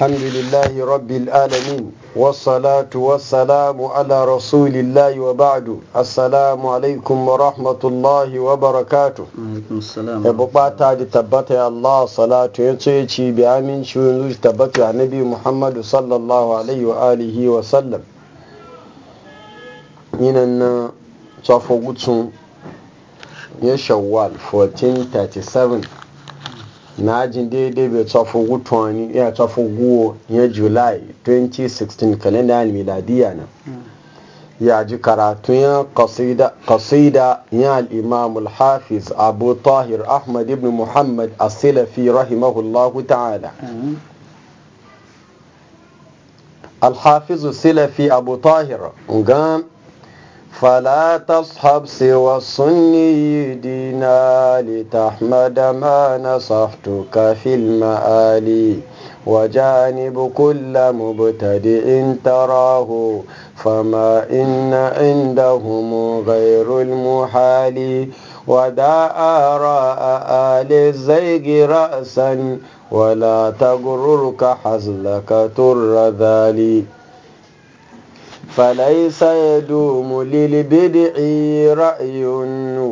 الحمد لله رب العالمين والصلاة والسلام على رسول الله وبعد السلام عليكم ورحمة الله وبركاته وعليكم السلام أبو باتا تبت الله صلاة يتشي بأمين شو تبت النبي محمد صلى الله عليه وآله وسلم من أن صفوة يشوال 1437 na ajin daidai bai tsofo gutoni ya tsofo guwo ya july 2016 kalenda miladiya na ya ji karatu ya kasida ya al'imam al-hafiz abu tahir ahmad ibn muhammad asilafi rahimahullahu ta'ala al-hafiz silafi abu tahir gan فلا تصحب سوى الصني دينا لتحمد ما نصحتك في المآلي وجانب كل مبتدئ تراه فما إن عندهم غير المحال ودا آراء آل الزيغ رأسا ولا تغررك حزلك تر ذلي فليس يدوم للبدع رأي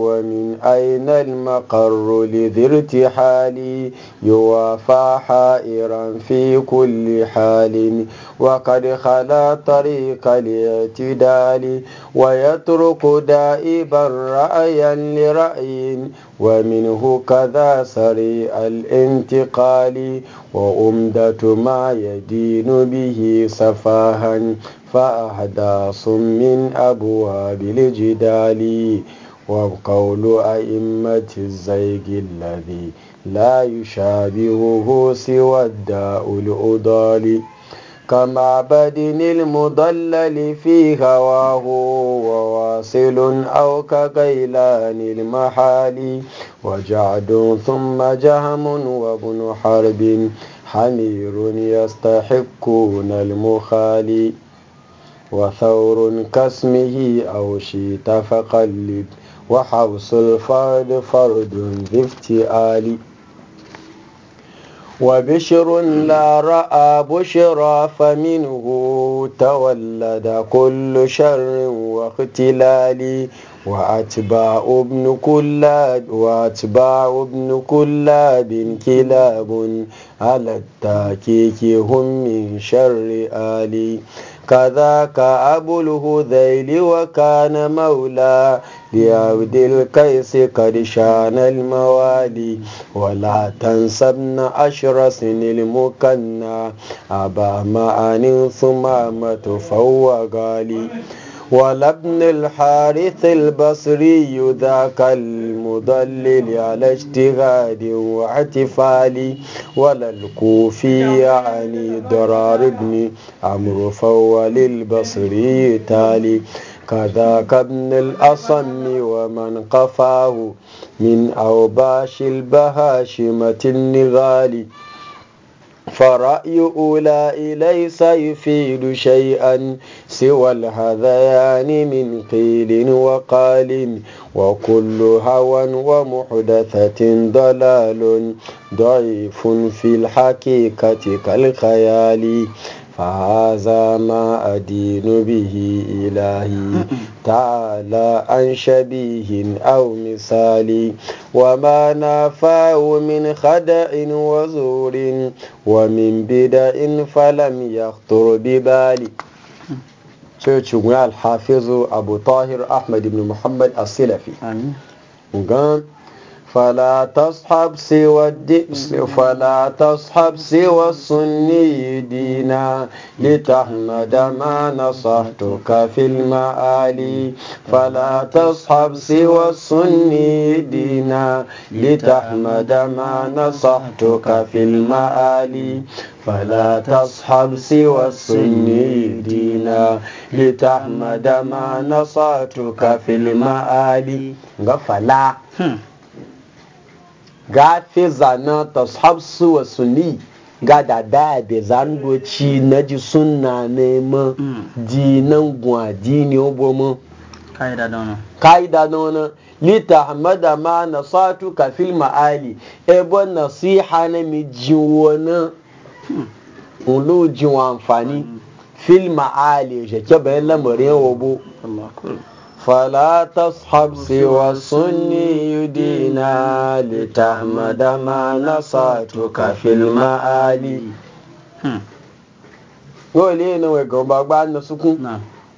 ومن أين المقر لذي ارتحال يوافى حائرا في كل حال وقد خلا طريق الاعتدال ويترك دائبا رأيا لرأي ومنه كذا سريع الانتقال وأمدة ما يدين به سفاها فأحداث من أبواب الجدال وقول أئمة الزيغ الذي لا يشابهه سوى الداء الأضال كمعبد المضلل في هواه وواصل أو كغيلان المحال وجعد ثم جهم وابن حرب حمير يستحقون المخالي وثور كاسمه أو شيت فقلب وحوص الفرد فرد ذي افتئال وبشر لا رأى بشرى فمنه تولد كل شر واختلال وأتباع ابن كلاب وأتباع ابن كلاب كلاب على التاكيك هم من شر آلي kaza ka abulhu zaili wa kana maula liyaudil kaisi karshanal mawali wala tansabna ashra sinil mukanna aba ma'anin suma matufawa gali ولابن الحارث البصري ذاك الم مضلل على اجتهاد واحتفالي ولا الكوفي عن ضرار ابن عمرو فول البصري تالي كذاك ابن الأصم ومن قفاه من أوباش البهاشمة النغالي فرأي أولئك ليس يفيد شيئا سوى الهذيان من قيل وقال وكل هوى ومحدثة ضلال ضعيف في الحقيقة كالخيال فهذا ما أدين به إلهي تعالى عن شبيه أو مثالي وما نافاه من خدع وزور ومن بدع فلم يخطر ببالي شيخ الحافظ أبو طاهر أحمد بن محمد السلفي أمين فلا تصحب سوى الدئس فلا تصحب سوى السني دينا لتحمد ما نصحتك في المآلي فلا تصحب سوى السني دينا لتحمد ما نصحتك في المآلي فلا تصحب سوى السني دينا لتحمد ما نصحتك في المآلي فلا ga fi zana ta su wa sunni ga da daya bai zandoci na ji suna nema dinan gwaji ne hmm. obomo ka'ida na wani lita hamada ma na satu ka fil ma'ali ebo nasiha na mi ji wani hmm. ulu jiwa amfani hmm. fil ma'ali shake bayan lamarin obo فلا تصحب سوى السني دينا لتحمد ما نصاتك في المآلي yóò lé na wai gaba gba na sukun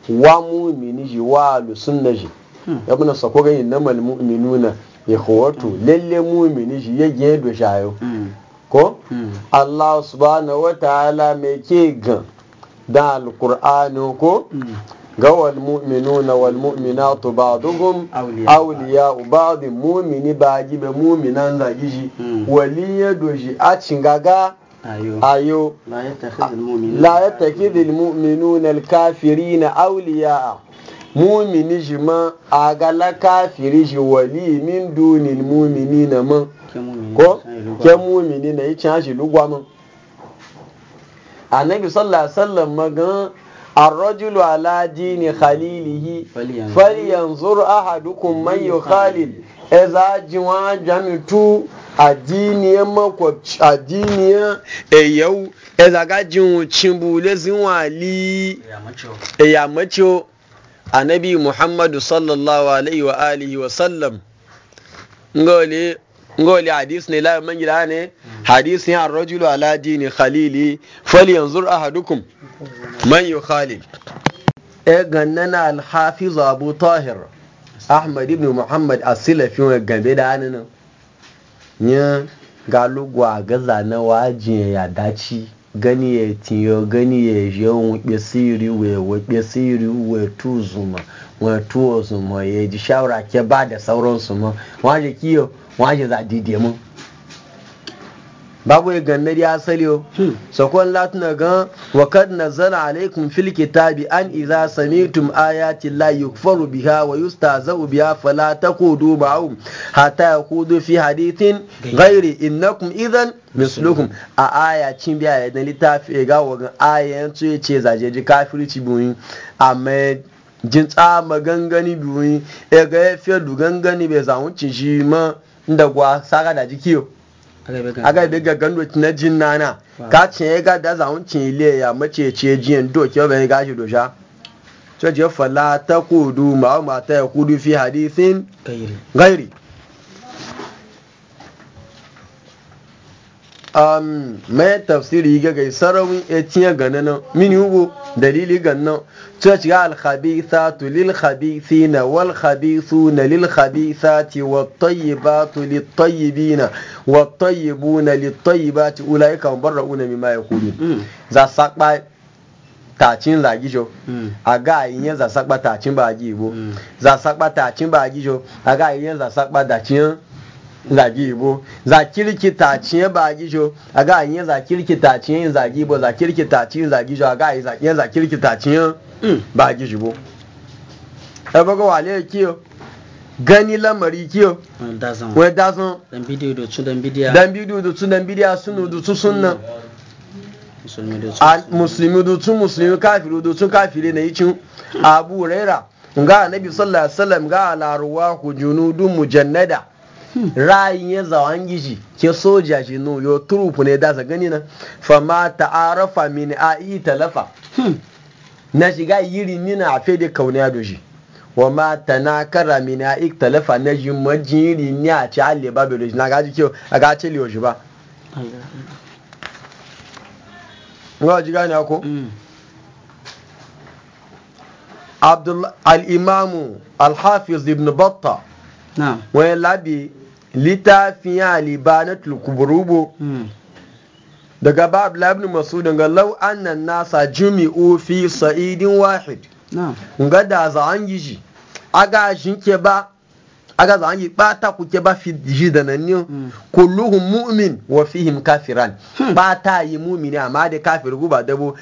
wa mu'mini ji wa lusunna ji hmm. yabu na sako ga inna mal mu'minuna ikhwatu lalle mu'mini ji ya ge do hmm. ko hmm. Allah subhanahu wa ta'ala me ke ga da alqur'ani ko gawal na wal dogon ba'duhum awliya ba'd mu'mini baji be mu'minan hmm. wali waliya doji a cingaga ayo la yattakhidhul mu'minuna kafiri na awliya mu'mini jima agala kafiri ji wali min mumini na man ko ke mu'mini na yi can shi lugwa man annabi sallallahu alaihi wasallam magan الرجل على دين خليله فلينظر أحدكم من يخالل إذا جوا جمتو addini ya makwabci addini ya eyau e zaga jin cimbule zinwali e ya macho muhammadu sallallahu alaihi wa wa sallam ngoli hadis ne la man gida ne hadis ne ar-rajulu ala dini khalili yanzur ahadukum man yukhalil e gannana al-hafiz abu tahir ahmad ibn muhammad as-silafi wa gambe da nan ya gwa gaza na waji ya daci gani ya tiyo gani ya je wupe siri we wupe siri we tuzuma tuwo su ma ji shawara ke ba da sauransu ma waje kiyo waje za dide mu babu ya ganna ya saliyo hmm. sakon latin ga wa kad nazala alaikum fil kitabi an idza samitum ayati la yukfaru biha wa yustazau biha fala taqudu ba'um hatta yaqudu fi hadithin ghairi innakum idhan mislukum a aya biya da littafi ga wa ayan ce zaje ji kafirci buyin amma jin tsama gangani biyu ya e ga ya fiye da gangani bai zamuncin shi ma da gwa saka da jikiyo aga bai ga gando na jin nana ka ce ya ga da zamuncin ile ya mace ce jiyan do bai gashi dosha to jefa fala ta kudu ma ta kudu fi hadisin gairi um mai tafsiri ga gai sarawin e ya ciye gane nan mini hugu dalili gannan church ga al-khabithatu lil-khabithina wal-khabithuna na, khabithati wat na lit-tayyibina ula ya kama barra una mubarrauna mimma kudu hmm. za sakba tacin lagijo hmm. a ga yin za sakba tacin ba gibo hmm. za sakba tacin ba gijo a ga yin za sakba tacin zagi ibo za kirki ta ciye ba a gijo a ga yi za kirki ta ciye yin zagi ibo za kirki ta ciye za zagi a ga yin za kirki ta ciye ba a gijo hmm. bo e bago wale kiyo gani lamari kiyo wani dazan dan bidiyo da tsu dan bidiya bidiyo da tsu dan sunu musulmi da musulmi kafiru da tsu kafire na yi abu raira ga annabi sallallahu alaihi wasallam ga alaruwa ku junudun mujannada rayin ya zawan gishi ke soja shi no yo turufu ne dasa gani na fama ta'arafa min yi talafa hmm. na shiga yiri nina a fede kauniya doshi wa ma tanakara min yi talafa na ji yiri ni a ci halle ba doshi na gaji kyau a gaci liyo shi ba ga gani ko hmm. Abdul al imamu al-Hafiz ibn Batta. na'am labi littafin alibanatul kuburubo hmm. daga ba abdullahi masu daga lau annan nasa jimi'u fi sa'idin wahid nga da za an yi shi aga za an yi bata kuke ba fi ji da nan ne hmm. kulluhum mu'min wa fihim kafiran hmm. bata yi mu'mini amma da kafir guba dabo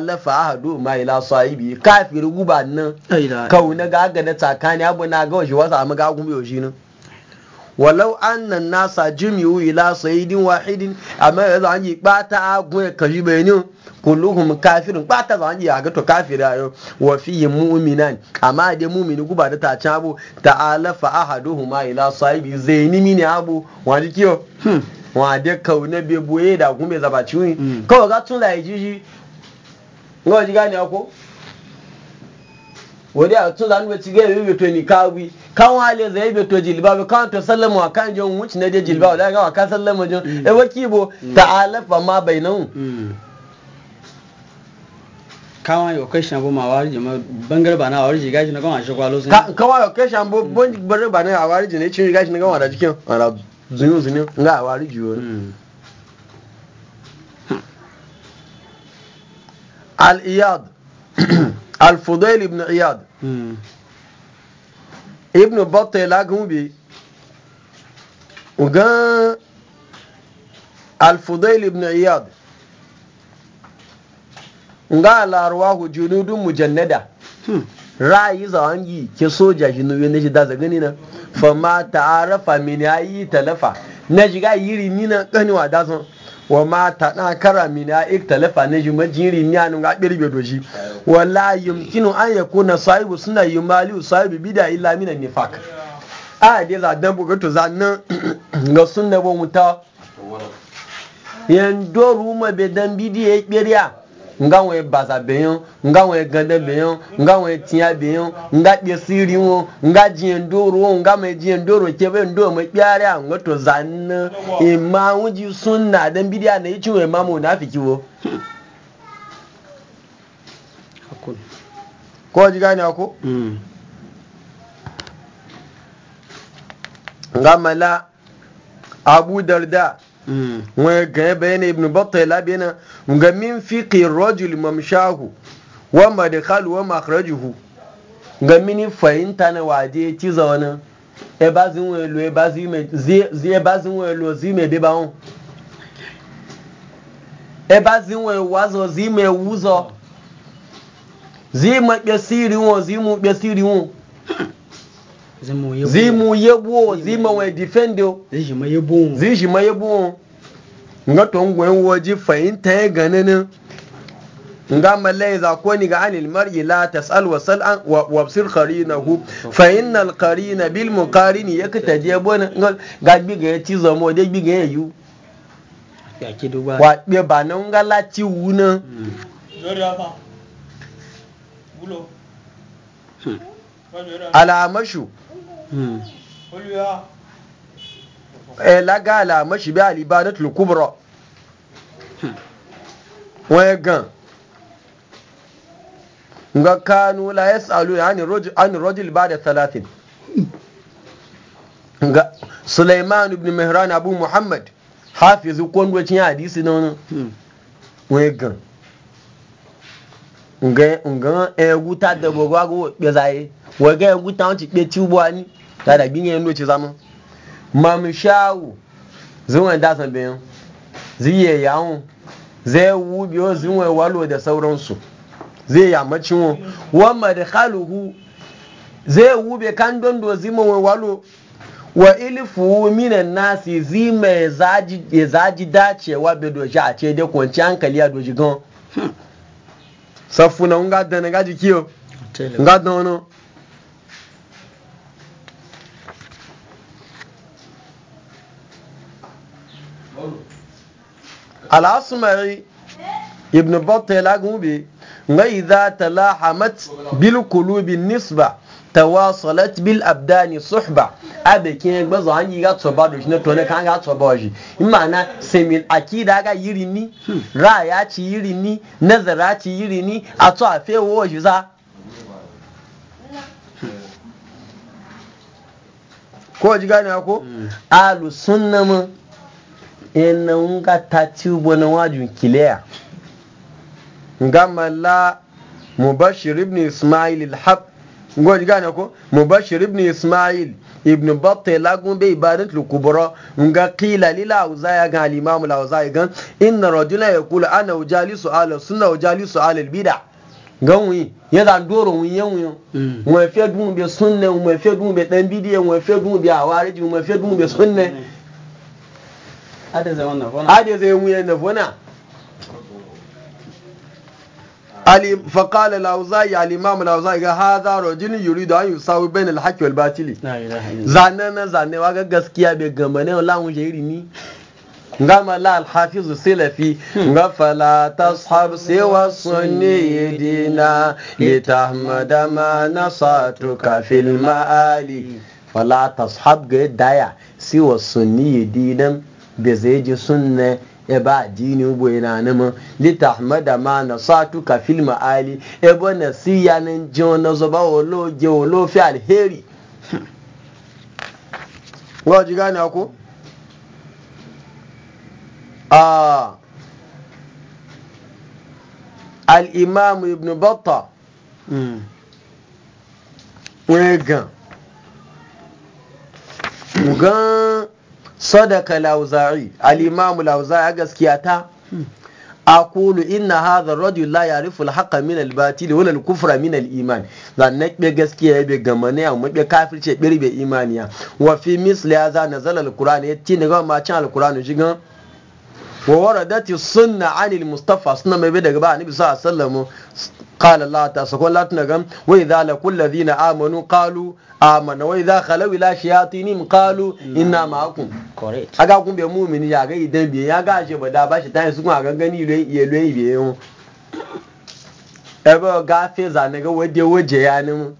lafa ahadu ma ila sahibi kafir guba nan kauna ga da tsakani abu na ga waje wasa amma ga gumbe shi nan walau annan nasa jimiyu ila sayidin wahidin amma yanzu an yi bata agun ya kashi bayanin kulluhum kafirin bata zan yi agato kafira yau wa fihi mu'minan amma dai mu'mini guba da ta cabo ta'ala fa ahaduhuma ila sahibi zaini mini abu wani kiyo hmm, wa de kaune be boye da gumbe zabaci hmm. kawai ga tun da yi jiji ngo ji gane ko ci àtún lánàá to ni kawi kan wale zai káwọn to jilba ìbètò kan to sallama wa kan àkànjọ òun na nàdé jìlìbá mm. wòde àgbà kan sallama jọ mm. e waki bo mm. ta alafa alẹfà má bẹ náà. káwọn yóò ma bó máa wárí jìmọ bẹngẹrẹ bàná àwárí shi gáàjì náà káwọn àṣọ pa lọsẹ. káwọn yóò kẹsàn bó bẹngẹrẹ bàná àwárí jì cin ìṣirí gáàjì náà káwọn da jikin àdá zunú zunú nga wari jù al iyad al-fudail ibn iyad hmm. ibn batta lagun bi ugan al-fudail ibn iyad nga larwahu junudun mujannada hmm. ra'ayi zawan yi ke soja shi nuwe na shi da Gani na. fa ma ta'arafa min ayi talafa na shiga yiri na kaniwa da san wa ma ta na kara mina iktalafa ne juma jiri ni anu ga birbe doji wala yumkinu an yakuna sahibu suna yumali sahibu bida illa min nifaq a dai za dan buga to zannan ga sunna bo muta yan doru ma be dan bidiye biriya nga wọn baza bɛn nga wọn gɛdɛ bɛn nga wọn tiɲɛ bɛn nga kpe siri wo nga diɲɛ dooro wo nga ma diɲɛ dooro cɛ bɛ ndo mɛ kpɛari a ŋo to zan na e ima ŋo ji sun na den bi a na i tiɲɛ ma mo n'a fiki wo. kɔɔ jiga ni a nga mala abu darda. wani gaya bayanin ibn battah labiyana ga min fiqi rajul mamshahu wa madkhalu wa makhrajuhu ga mini fahimta na waje ci zaune e ba zin wani lo e ba zin wani lo zi mai beba on e ba zin wani e wazo zi mai wuzo zi ma kpe siri won zi mu kpe siri won zimu yebo zima we defendo zishima yebo zishima yebo nga to ngwen woji fahimta ya ganin nga malai za ko ni ga anil mar'i la tasal wa sal an wa absir qarinahu fa innal qarina bil muqarini yaktaji bon ga bi ga ci zamo de bi ga yu wa be ba nan ga la ci wuna lori apa bulo hmm. alamashu hmm. eh, alamashu bí bi ní tulukubro. wọ́n gan Nga kanu la yasalu an rajul ba'da talatin. Nga Sulaiman ibn Mihran Abu Muhammad hafizu kondocin hadisi na wani hmm. wọ́n gan ngan eguta eh, da gbogbo agwo gbezaye waga ya guta wanci ɓe ci buwa ni ta da gini yin loci zama mamu shawu zuwan dasan bayan ziye yawon zai wu biyo zuwan walo da sauransu zai yammacin wo wamma da khaluhu zai wu wube kan dondo zima walo wa ilifu minan nasi zima ya zaji dacewa bai doji a ce dai kwanci hankali hmm. ya doji gan safu na nga dana nga jikiyo nga wani. al'asumari ibn batta lagunbe ga idza talahamat bil qulubi nisba tawasalat bil abdani suhba abekin gbazo an yi ga toba do shine to ne kan ga wa shi imana semil akida ga yiri ni hmm. ra ya ci yiri ni nazara ci yiri ni a afe wo shi za ko ji gane ko hmm. alu sunna mun ina nga ta ci wani wajen kiliya nga mala mubashir ibn ismail al-hab gane ko mubashir ibn ismail ibn battah lagun bai ibadat lukubura nga qila lil auzaya ga al-imam al-auzaya gan inna rajula yaqulu ana ujalisu ala sunna ujalisu ala al-bid'ah ganwi ya da doro wun yan wun mm. won fe dun be sunne won fe dun be dan bidiye won fe dun be awariji won fe dun be sunne mm. hadi zai wuya na fona فقال الأوزاعي الإمام الأوزاعي هذا رجل يريد أن يساوي بين الحق والباطل زاننا زاننا واغا غسكيا بغمانه لا وجيري ني ngama la alhafizu silafi nga fala wasu ne ya dina litahmada ma nasatuka fil maali fala tashab ga daya ne ya dinan bai zai ji sunna ya e ba dini ubo yana nima litahmada ma na satuka fil ma'ali e bo na siya nan ji wani zuba wolo je wolo fi alheri hm. wa ji gane ku a al-imam ibn batta hmm. wegan gan sadaka lauza'i al'imamu lauza'i gaskiya ta akulu inna hadha rajul la ya'rifu al-haqqa min al-batil wala al-kufra min al-iman na be gaskiya be gamane a mu be kafirce birbe imaniya wa fi misli hadha nazala al ya yatti ne ga ma cin al-qur'an wa waradati sunna anil mustafa sunna mai bai daga ba annabi sallallahu alaihi wasallam qala allah ta sakon la tunagam wa idza laqul ladina amanu qalu amana wa idza khalaw ila shayatinihim qalu inna ma'akum correct aga kun be mu'mini ya ga idan be ya ga she bada ba shi tayin su kun gangani le ye le be yo ebe ga fe za ne ga waje waje ya ni mu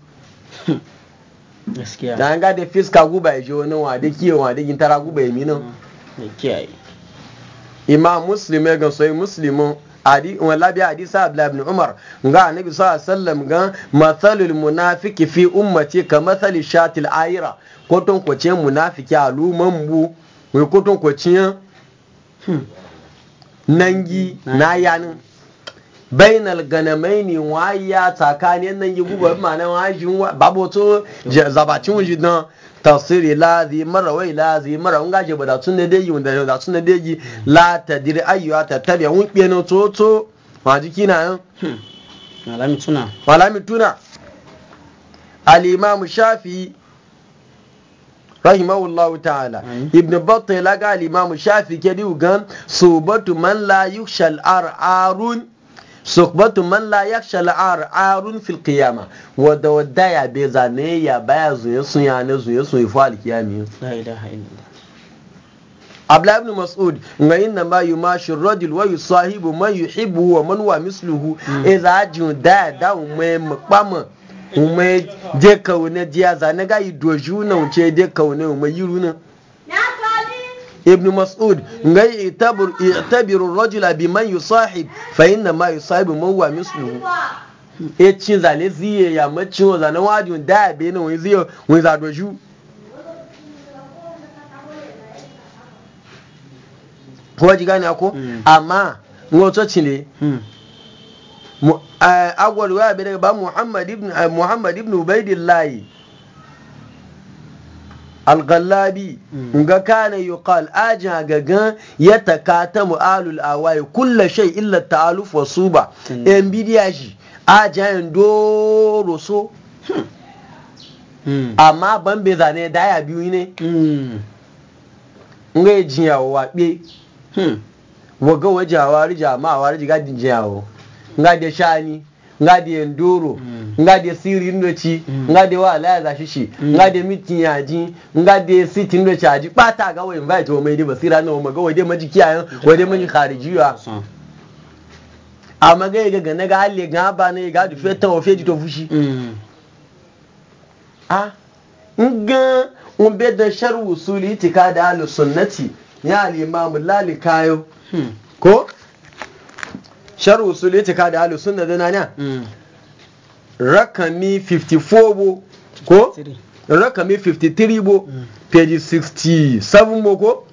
gaskiya dan ga da fiska guba je wani wa da kiyo wa da gintara guba ya nan imam muslim ya sai muslimin adi wa labi hadisa abdullah ibn umar ga annabi sallallahu alaihi wasallam ga mathalul munafiki fi ummati ka mathali shatil aira koton kwace munafiki luman bu wai koton kwace hmm, nangi na yanin bainal ganamaini waya tsakanin nan yi gubar ma na wajin babu to zabacin wajin tafsiri la zi mara wai la zi mara un gaje ba da tun da deji wanda da tun da deji la ta dire ayyuwa ta tabi un ɓeno toto ma jiki na yan hmm. malami tuna malami tuna al-imam shafi rahimahullah ta'ala ibn battah la ga al-imam shafi kedi ugan subatu man la yushal arun sukbatu man la yakhsha al'ar arun fil qiyama wada wada ya be zane ya baya zuye sun ya ne zuye sun yi fa'al kiyami la ilaha illallah Abdullah ibn Mas'ud ma inna ma yumashi rajul wa yusahibu man yuhibbu wa man wa misluhu idza hmm. jun da da umma maqama umma je kaune jiya zane ga yi doju na uce je kaune umma yiru na ibn mas'ud ngai itabur itabiru rajula biman yusahib fa inna ma yusahibu man wa misluhu e cin zale ziye ya macin wa zanen wajin da e be ne wani ziye wani zadoju ko ji gane ko hmm. amma ngoto cile hmm. eh, agwal wa be daga ba muhammad ibn eh, muhammad ibn ubaidillah algalabi mm. ga kana yuqal aja gagan ya takata mu'alul awai kulla shay illa ta'aluf wa suba mm. en bidiya shi aja en doro so hmm. mm. amma ban bai zane da biyu ne nga e jiya wa be hmm. waga wajawa rija ma wa rija ga jiya nga da shani nga da endoro mm. nga da siri ndoci mm. nga da wa alaya za shi shi mm. nga da mitin yaji nga da siti ndoci aji bata ga wa invite wa mai da basira na wa ga wa dai maji kiyayen wa dai maji kharijiya amma ga ga gane ga halle ga ba ne ga du fetan wa feji to fushi a nga un be da sharu usuli itikada al sunnati ya al imam lalikayo hmm. ko sharu usul itika da ahlus suna da nana rakami 54 bo ko rakami 53 bo page 67 bo ko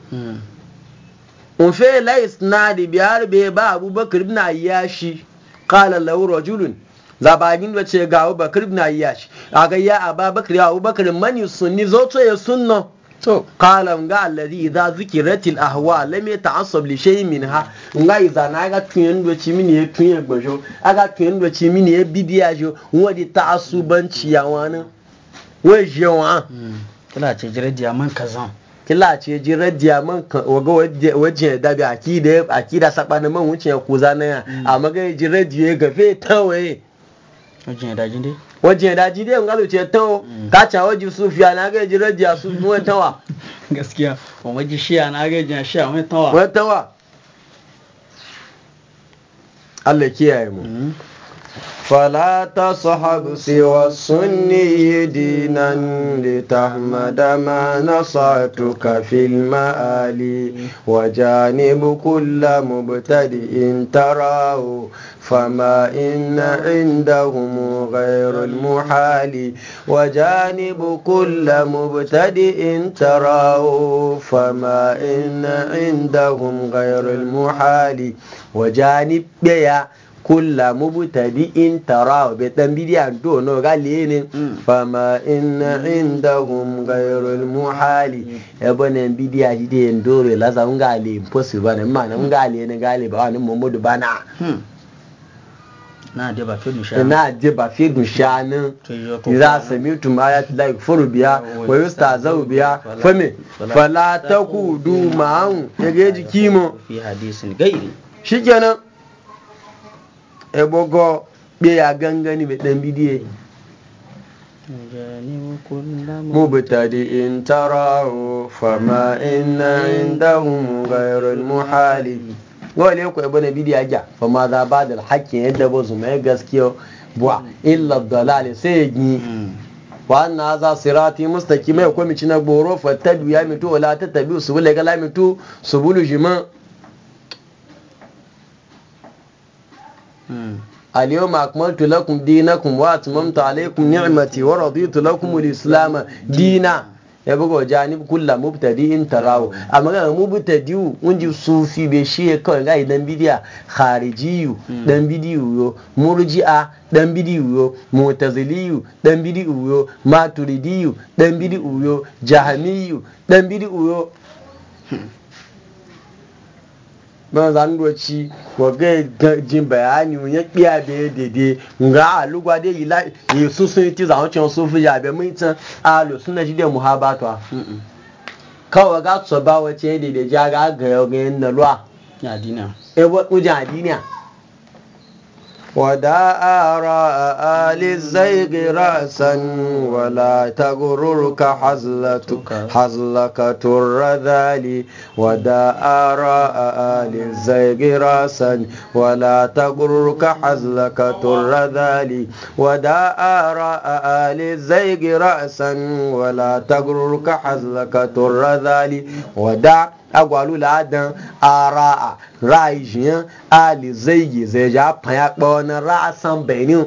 un fe na da biyar bai ba abubakar ibn ayyashi qala lahu rajulun zabagin da ce ga abubakar ibn ayyashi aga ya ababakar ya abubakar man mani zo to ya sunna so kala nga alladhi idha zikiratil ahwa lam yata'assab li shay'in minha nga idha na ga tuyen do chi mini e tuyen gbojo aga tuyen do chi mini e bidiya jo won di ta'assubanci ya wani we je wa hmm. kila ce jira man kazan kila ce jira diaman waga waje da bi akida akida sabana man wuce ko zanaya hmm. amma ga jira diye gafe tawaye wajen da jinde wajen daji dai ga zuciyar tawo mm. ka ca waje sufiya na ga ji rajiya su mu tawa gaskiya wa waje shiya na ga ji shiya mu tawa wa tawa Allah kiyaye mu mm. فلا تصحب سوى السني دينا لتحمد ما نصعتك في المآلي وجانب كل مبتدئ تراه فما إن عندهم غير المحال وجانب كل مبتدئ تراه فما إن عندهم غير المحال وجانب بيا kulla mubtadi in taraw be dan bidiya do no gale ne fama inna indahum ghayrul muhali e bane bidiya ji de re la za ngale impossible ne ma na ngale ne gale ba ni muhammadu bana na ba fi dushana na je ba fi dushana za sami ma ya la furu biya wa yusta zau biya fame fala takudu ma'an yage jikimo fi hadisin gairi shikenan ebogo ɓe ya ganga ni gangani ɓe ɗan bidiye مبتدئ تراه فما إن عندهم غير المحال wale ku ibn bidi aja fa ma za ba da hakkin yadda ba su mai gaskiya wa illa dalali sai yi hmm. wa anna za sirati mustaqim ya komi na goro fa tadu ya mitu wala tatabi su ga la mitu bulu jima' اليوم أكملت لكم دينكم وأتممت عليكم نعمتي ورضيت لكم الإسلام دينا ya buga janib kulla mubtadi in tarawo amma ga mubtadiu unji sufi be shi ya kawai ga dan bidiya kharijiyu ɗan bidiyu yo murji'a dan bidiyu yo mu'taziliyu bidiyu maturidiyu ɗan bidiyu yo ɗan dan bidiyu ban zan doci wa ga jin bayani mun ya kiya da ya dede ga alugwa da yi lai yi su sun ti zan cin su fi ya be mun tan alo suna ji da muhabatu kawai ga ba wace dede ja ga ga ga yin na luwa ya dina e wa ja dina ودع آراء آل الزيغ رأسا ولا تغررك حزلتك حزلك الرذال ودع آراء آل الزيغ رأسا ولا تغررك حزلك الرذال ودع آراء آل الزيغ رأسا ولا تغررك حزلك الرذال ودع agwalu ladan ara'a ra'ayi jiyan ali zaigi zai ja fanya ɓauna asan benin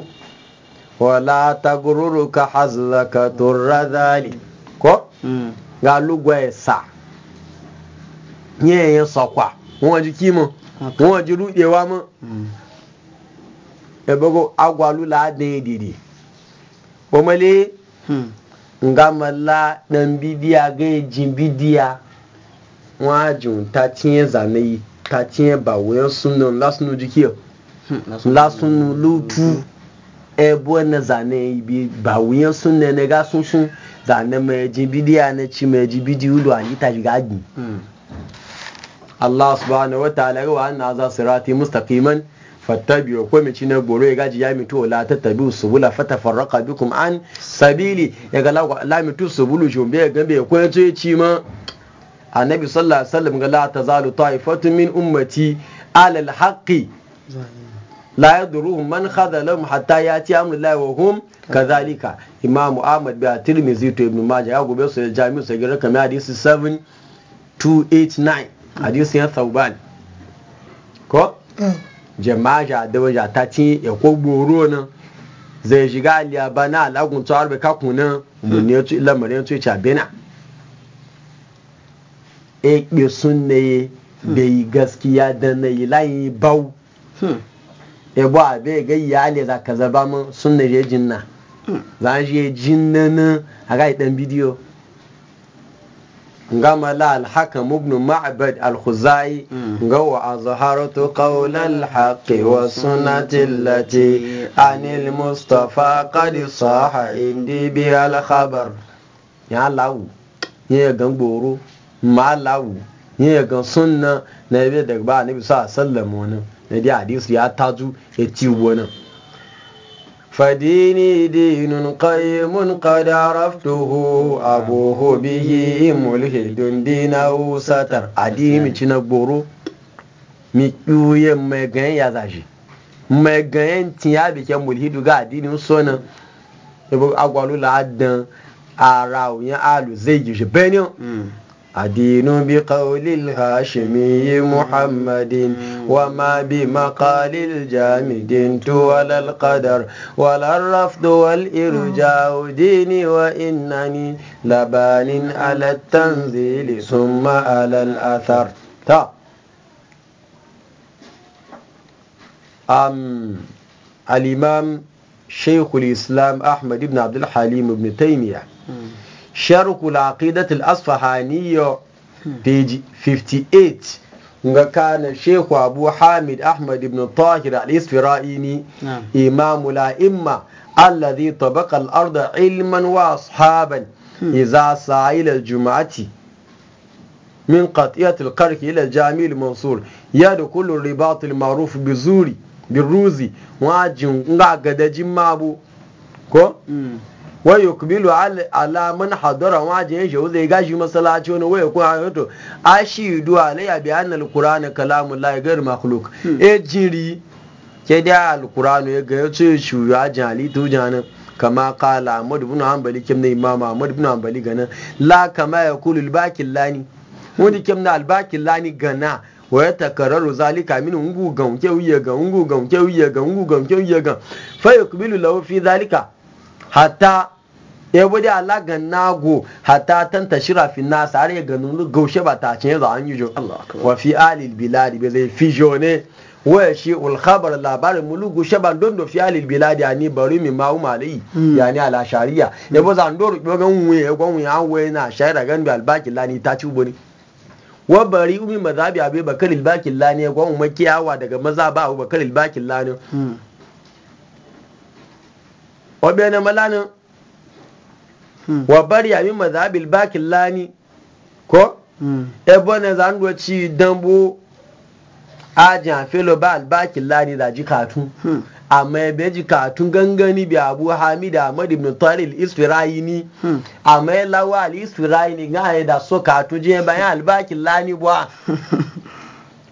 wala ta gururu ka hazlaka turra zali ko hmm. ga lugwaye sa yayin sakwa wọn ji kimo wọn ji rudewa mu hmm. ebogo agwalu ladan idiri omale hmm. nga malla dan bidiya ga jin bidiya wọn á jùn ta tiẹ̀ zàmì yìí ta tiẹ̀ bà wọ́n súnú lásùnú jíkì ọ̀ lásùnú lótú ẹbú ẹ̀nà zàmì ibi bà wọ́n súnú ẹ̀nà gá súnsún bídí tí bídí wúlò àyíká yìí gá gbìn. allah subhanahu wa ta'ala ga wa'an na za sirati mustaqiman fattabi'u ko mi cinar boro ya gaji ya mitu la tattabi'u bikum an sabili ya ga la mitu subulu jumbe ya gambe ko ya ci ma annabi sallallahu alaihi wasallam ga la tazalu ta'ifatu min ummati alal alhaqi la yadruhum man khadalahum hatta yati amru la wa hum kadhalika imamu ahmad bi at-tirmidhi to ibn majah ya gobe su jami'u sai ga kamar hadisi 7289 hadisi ya sauban ko mm. jama'a da waja ta ci ya ko goro nan zai shiga aliyaba na alagun tsohar bai kakunan mun ne lamarin tuce bena ekpe sun ne bai gaskiya da na yi layin bau yabo hmm. abe ga iyali za ka zaba mun sun na je jinna hmm. za a je jinna na a ga dan bidiyo nga mala alhaka mugnu ma'bad alhuzai hmm. ga wa to qawla alhaqi wa sunnati allati anil mustafa kadi saha indi bi alhabar ya lawu ya gangboro malawu yin yagan sunna na yabe da ba na bisa a sallama wani na dai hadisu ya tazu ya ci wani fadini dinun qayyimun qad araftuhu abuhu bihi mulhidun dinahu satar adimi ci na a gboro mi kuye megan ya zaji megan ti ya bi ke mulhidu ga adini sunna ebo agwalu la dan ara oyan alu zeji je benio mm. الدين بقول الهاشمي محمد وما بمقال الجامد ولا القدر ولا الرفض والإرجاء ديني وإنني لبان على التنزيل ثم على الأثر تا أم الإمام شيخ الإسلام أحمد بن عبد الحليم بن تيمية sharku laƙidatul asfahaniyo hmm. page 58 nga kana sheku abu hamid ahmad ibn tahir al-isfira'ini imamu la'imma alladhi tabaqa arda ilman wa ashaban hmm. idza sa'ila al-jum'ati من قطية القرك إلى الجامع المنصور يدخل الرباط المعروف بالزوري بالروزي واجن غا غدجين مابو wa yukbilu ala man hadara wa je shi zai gashi masallaci wani waya ko an to ashidu alayya bi anna alqur'ana kalamullahi ghayr makhluq e jiri ke da alqur'anu ya ga yace shu ya jali to janan kama kala Ahmad ibn Hanbali kim ne Imam Ahmad ibn Hanbali gana la kama yaqulu al wani kim na al-Bakillani gana wa ya takararru zalika min ungu ga unke wiye ga ungu ga unke wiye ga ungu ga unke wiye ga fa yakbilu lahu fi zalika hatta ya bude Allah ga nago hatta tan tashira fi nasa har ya ganu gaushe ba ta cin yanzu an yi jo wa fi alil biladi bai zai fi jo ne waya shi ulkhabar labarin mulugu shaban dondo fi alil biladi a ni bari mi ma'u malayi hmm. ya ni ala shari'a hmm. ya bo zan doro ko gan wuye ya gwan wuye an wuye na shaira gan bi albakin lani ta ci ubuni wa bari umi mazabi abe bakar albaki lani ya gwan umma kiyawa daga maza ba abu bakar albaki lani obene malanin Hmm. wa bari ya min mazhabil bakin lani ko hmm. ebo ne za ndo ci dambo ajan filo ba albakin lani da ji katun hmm. amma bai ji katun gangani bi abu hamid ahmad ibn talil ni. amma ya lawa al ni ga da so katun je bayan albakin lani ba.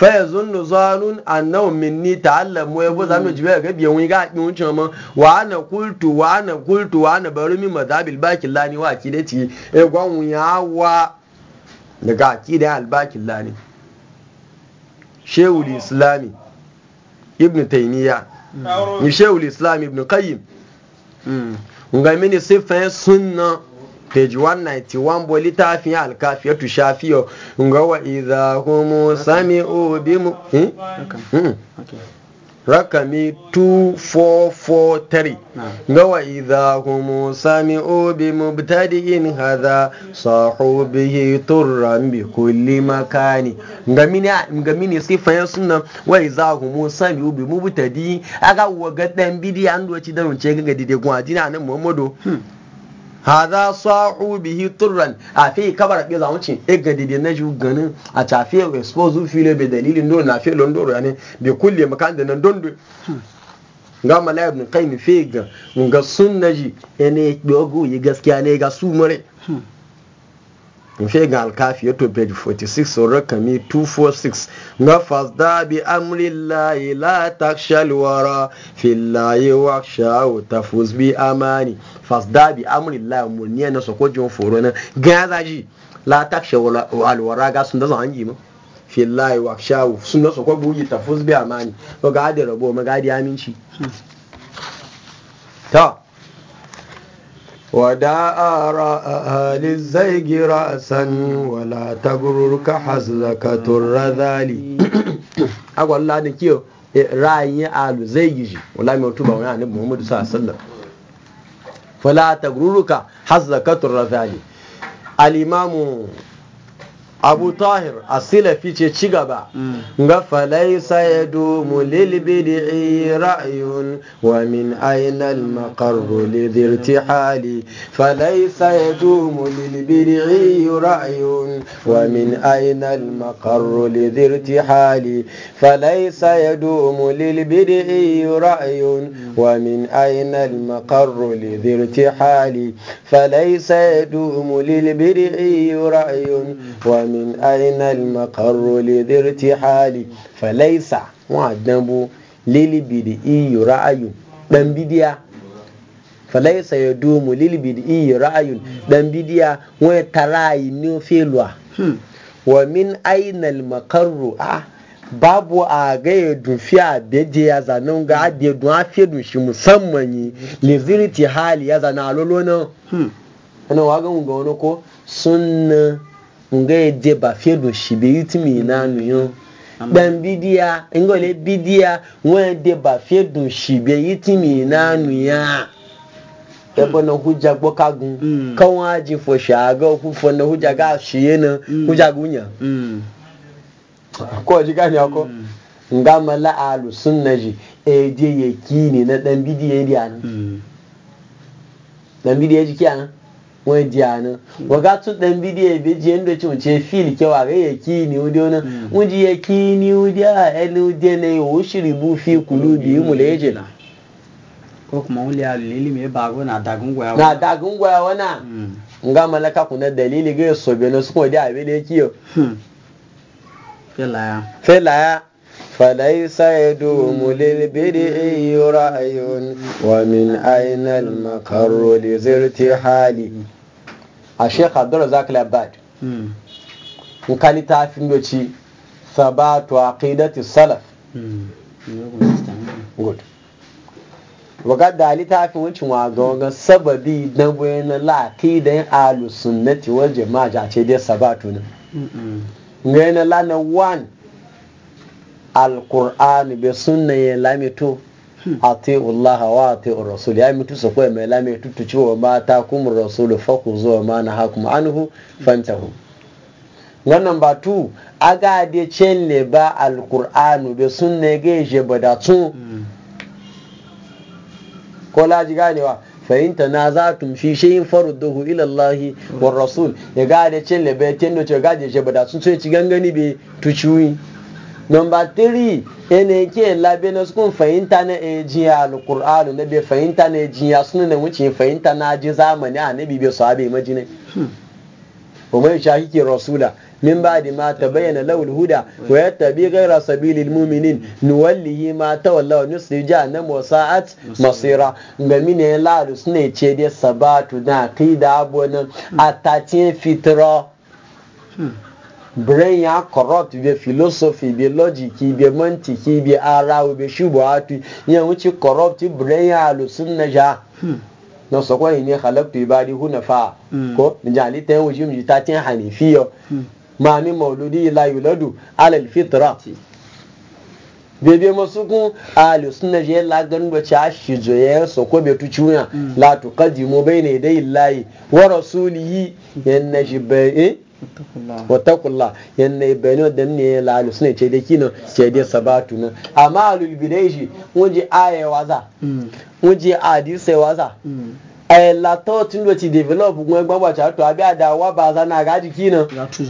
faya zunnu zanun annahu minni ta'allamu yabo zamu jibe ga biyan wani ga hakin wucin ma wa ana kultu wa ana kultu wa ana barumi madabil bakin lani wa akidati e gwan yawa daga akidan albakin lani shehul islami ibn taymiya hmm. ni shehul islami ibn qayyim hmm. ngai mini sifan sunna page 191 bo littafin tu shafiyo ga wa idza humu sami'u bi mu rakami 2443 ga wa iza idza humu sami'u bi mubtadi'in hadha sahubihi turran bi kulli makani ga mini ga mini sifan sunna wa idza humu sami'u bi mubtadi aga wa ga dan bidiyan doci dan ce ga didegun gun adina nan muhammadu hmm. haza sa'u bihi turran a fi kabar bi zamu e gadi da na ganin a tafiya we suppose filo be dalilin ndo na fi londoro yani bi kulle makan da nan dondo ga mala ibn qayyim fi ga mun ga sunnaji ene dogo yi gaskiya ne ga su mfe ga alkafi yato page 46 rakami 246 ga fasda bi amrillahi la takshal wara fillahi wakshaw tafuz bi amani fasda bi amrillahi mulniya na sokojin foro na ga zaji la takshal Luwara, ga sun da la yi mu fillahi wakshaw sun da sokoj buyi tafuz bi amani to ga da rabo magadi aminci ta وداء رأى للزيج رأسا ولا تغررك حزلك الرذالي أقول الله نكيو رأي آل زيج ولا يمتوبة ونعني محمد صلى الله عليه وسلم فلا تغررك حزلك الرذالي الإمام abu tahir a silafi ce ci gaba mm. ga falaisa ya domu lilbidi'i ra'ayun wa min ainal makarru lidirti hali falaisa ya domu lilbidi'i ra'ayun wa min ainal makarru lidirti hali falaisa ya domu lilbidi'i ra'ayun wa min ainal makarru lidirti hali falaisa ya domu lilbidi'i ra'ayun wa من أين المقر لذي ارتحال فليس وعدنبو للبدئي رأي دم بديا فليس يدوم للبدئي رأي دم بديا ويتراي نوفيلوا ومن أين المقر babu a ga ya dufi a beje ya zane ga abiya don afiya dushi musamman yi leziriti hali ya zane a lolo na wani wagon ga wani ko sunna nga ede bafie do shibiri timi na nuyo ban bidiya ngole bidiya wọn de bafie do shibiri timi na nuya hmm. ebe na hujja gbokagun hmm. kawon aji fo shaga okufo na hujja ga shiye na hmm. hujja gunya ko ka gani ako nga mala alu sunna ji e je yekini na dan bidiya ni dan bidiya ji na. wọ́n di àná wọ́gá tún tẹ̀ ń bí díẹ̀ bí jẹ́ ń lọ tí wọ́n ṣe fíìlì rẹ̀ yẹ kí ni ó dé ọ́nà wọ́n yẹ kí ni ó dé ẹni ó dé ẹni ó bú fi kùlù bí í mùlẹ̀ ẹ̀jẹ̀ a na dagun na dalili kuma da abin da فليس يدوم للبدع رأي ومن أين المقر لذي ارتحالي الشيخ عبد الرزاق العباد إن كان تعرفين بشي ثبات عقيدة السلف Good. Waga dali ta fi wuce wa ga sabadi na bayan laki da yin alu sunnati wal jama'a a ce dai sabatu ne. na one alkur'ani bai sunna hmm. ya lamito a Allah wa ati rasul ya mutu su kawai mai lamito tu cewa mata kuma rasulu faku zuwa ma na hakuma anhu fantahu wannan ba tu aga de cen ne ba alkur'ani bai sunna ga je badatu hmm. ko laji ganewa fahimta na za tun fi shi yin faru duhu ilallahi wa rasul ya ga da cin tendo ce gaje ce ba da sun so ci gangani bai tuciwi Number three, yana yake labe na sukun fahimta na ya alkur'anu na bai fahimta na ya suna na wuce fahimta na ji zamani a nabi bai sahabe majinai. Umar shahiki rasula min ba da ma ta bayyana lawul huda wa ya tabi gaira sabilil muminin nuwallihi ma ta wallawa nusri ja na musa'at masira ga mine lalu suna ce dai sabatu na kai da abunan a fitra. brain ya corrupt be philosophy be logic be mantiki be arawo be atu ya wuce corrupt brain ya alusun sunna ja hmm. na so kwa ne khalaqtu ibadi hunafa hmm. ko njali ten tan wuji mi ta tin hanifiyo hmm. ma ni mauludi la yuladu ala alfitra Be masukun alusun sunna je la gan ba cha shijo ya so ko be tuchuya la tuqaddimu bayna yaday llahi wa rasulihi yan najibai eh? watakullah yan ne bayani da ne la alu sunne ce dai kino ce dai sabatu na amma alul bidaiji wuji aye waza wuji hmm. adi sai waza aye hmm. eh, la to tun do ci develop gwan gbagba cha to abi ada wa Baza, na ga di kino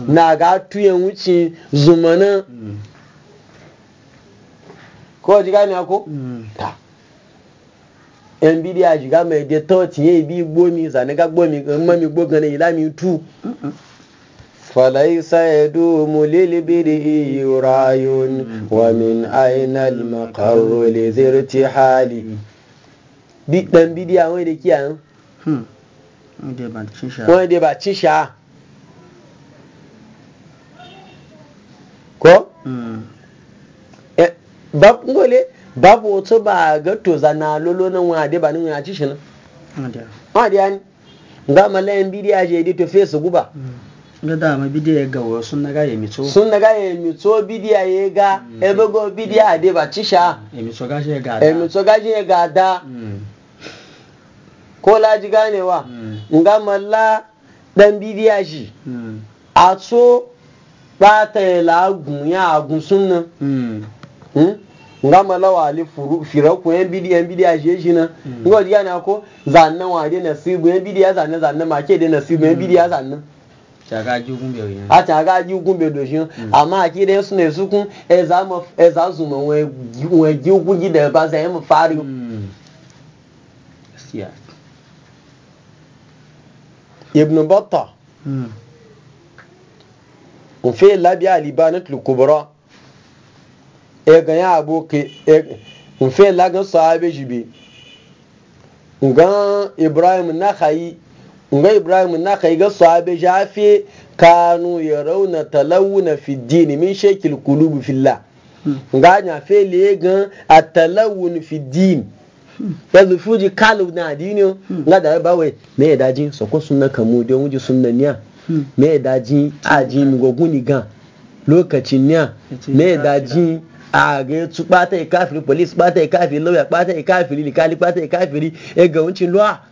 na ga tu yan wuci zumana hmm. ko ji ga ni ako ta yan bidiya ji ga mai de to ti ye bi gbomi za ne ga gbomi mo mi gbogan ni la mi tu فليس يدوم للبرئ راي ومن أين المقر لذي ارتحال dan bidiya wani da kiyan wani da ba cin sha ko? babu wato ba ga to zana lolo wani da ba nan wani ci shi nan wani da ya ni ga malayan bidiya je to fesu guba nga dama bidiya ga wa sun naga ya mito sun naga ya mito bidiya ya ga ebego mm. e bidiya de ba cisha sha, mito gashi ya gada ya e mito gashi ya gada mm. ko laji ganewa mm. nga malla dan bidiya shi a so bata ya lagun ya agun sunna hmm? nga malla wali fira ko yan bidiya bidiya shi shi na nga ji gane ko zannan wa de nasibu yan bidiya zannan zannan ma ke de nasibu yan bidiya zannan achaga ji ugwu mbe dojin amma mm. akida su ne sukun eza zuma nwe ji ugwu ji da ba zai mm. mm. mu fari ibn batta ofe labi alibani tulkubura e ganyen abokai ofe e, lagan sahabe jibe gan ibrahim na hayi Nga ibrahim na kai ga sahabe jafe kanu ya rauna talawuna fi dini min shekil kulubu filla Nga nya fe le gan atalawun fi dini yanzu fuji kalu na adini Nga da bawe me ya daji sokon sunna kamu don wuji sunna niya me ya daji aji mi gogun gan lokacin niya me ya daji ààrẹ tún pátá ìkáfìrí police pata ìkáfìrí lọ́wọ́ pátá ìkáfìrí nìkálí pátá ìkáfìrí ẹgbẹ̀rún ti lọ́à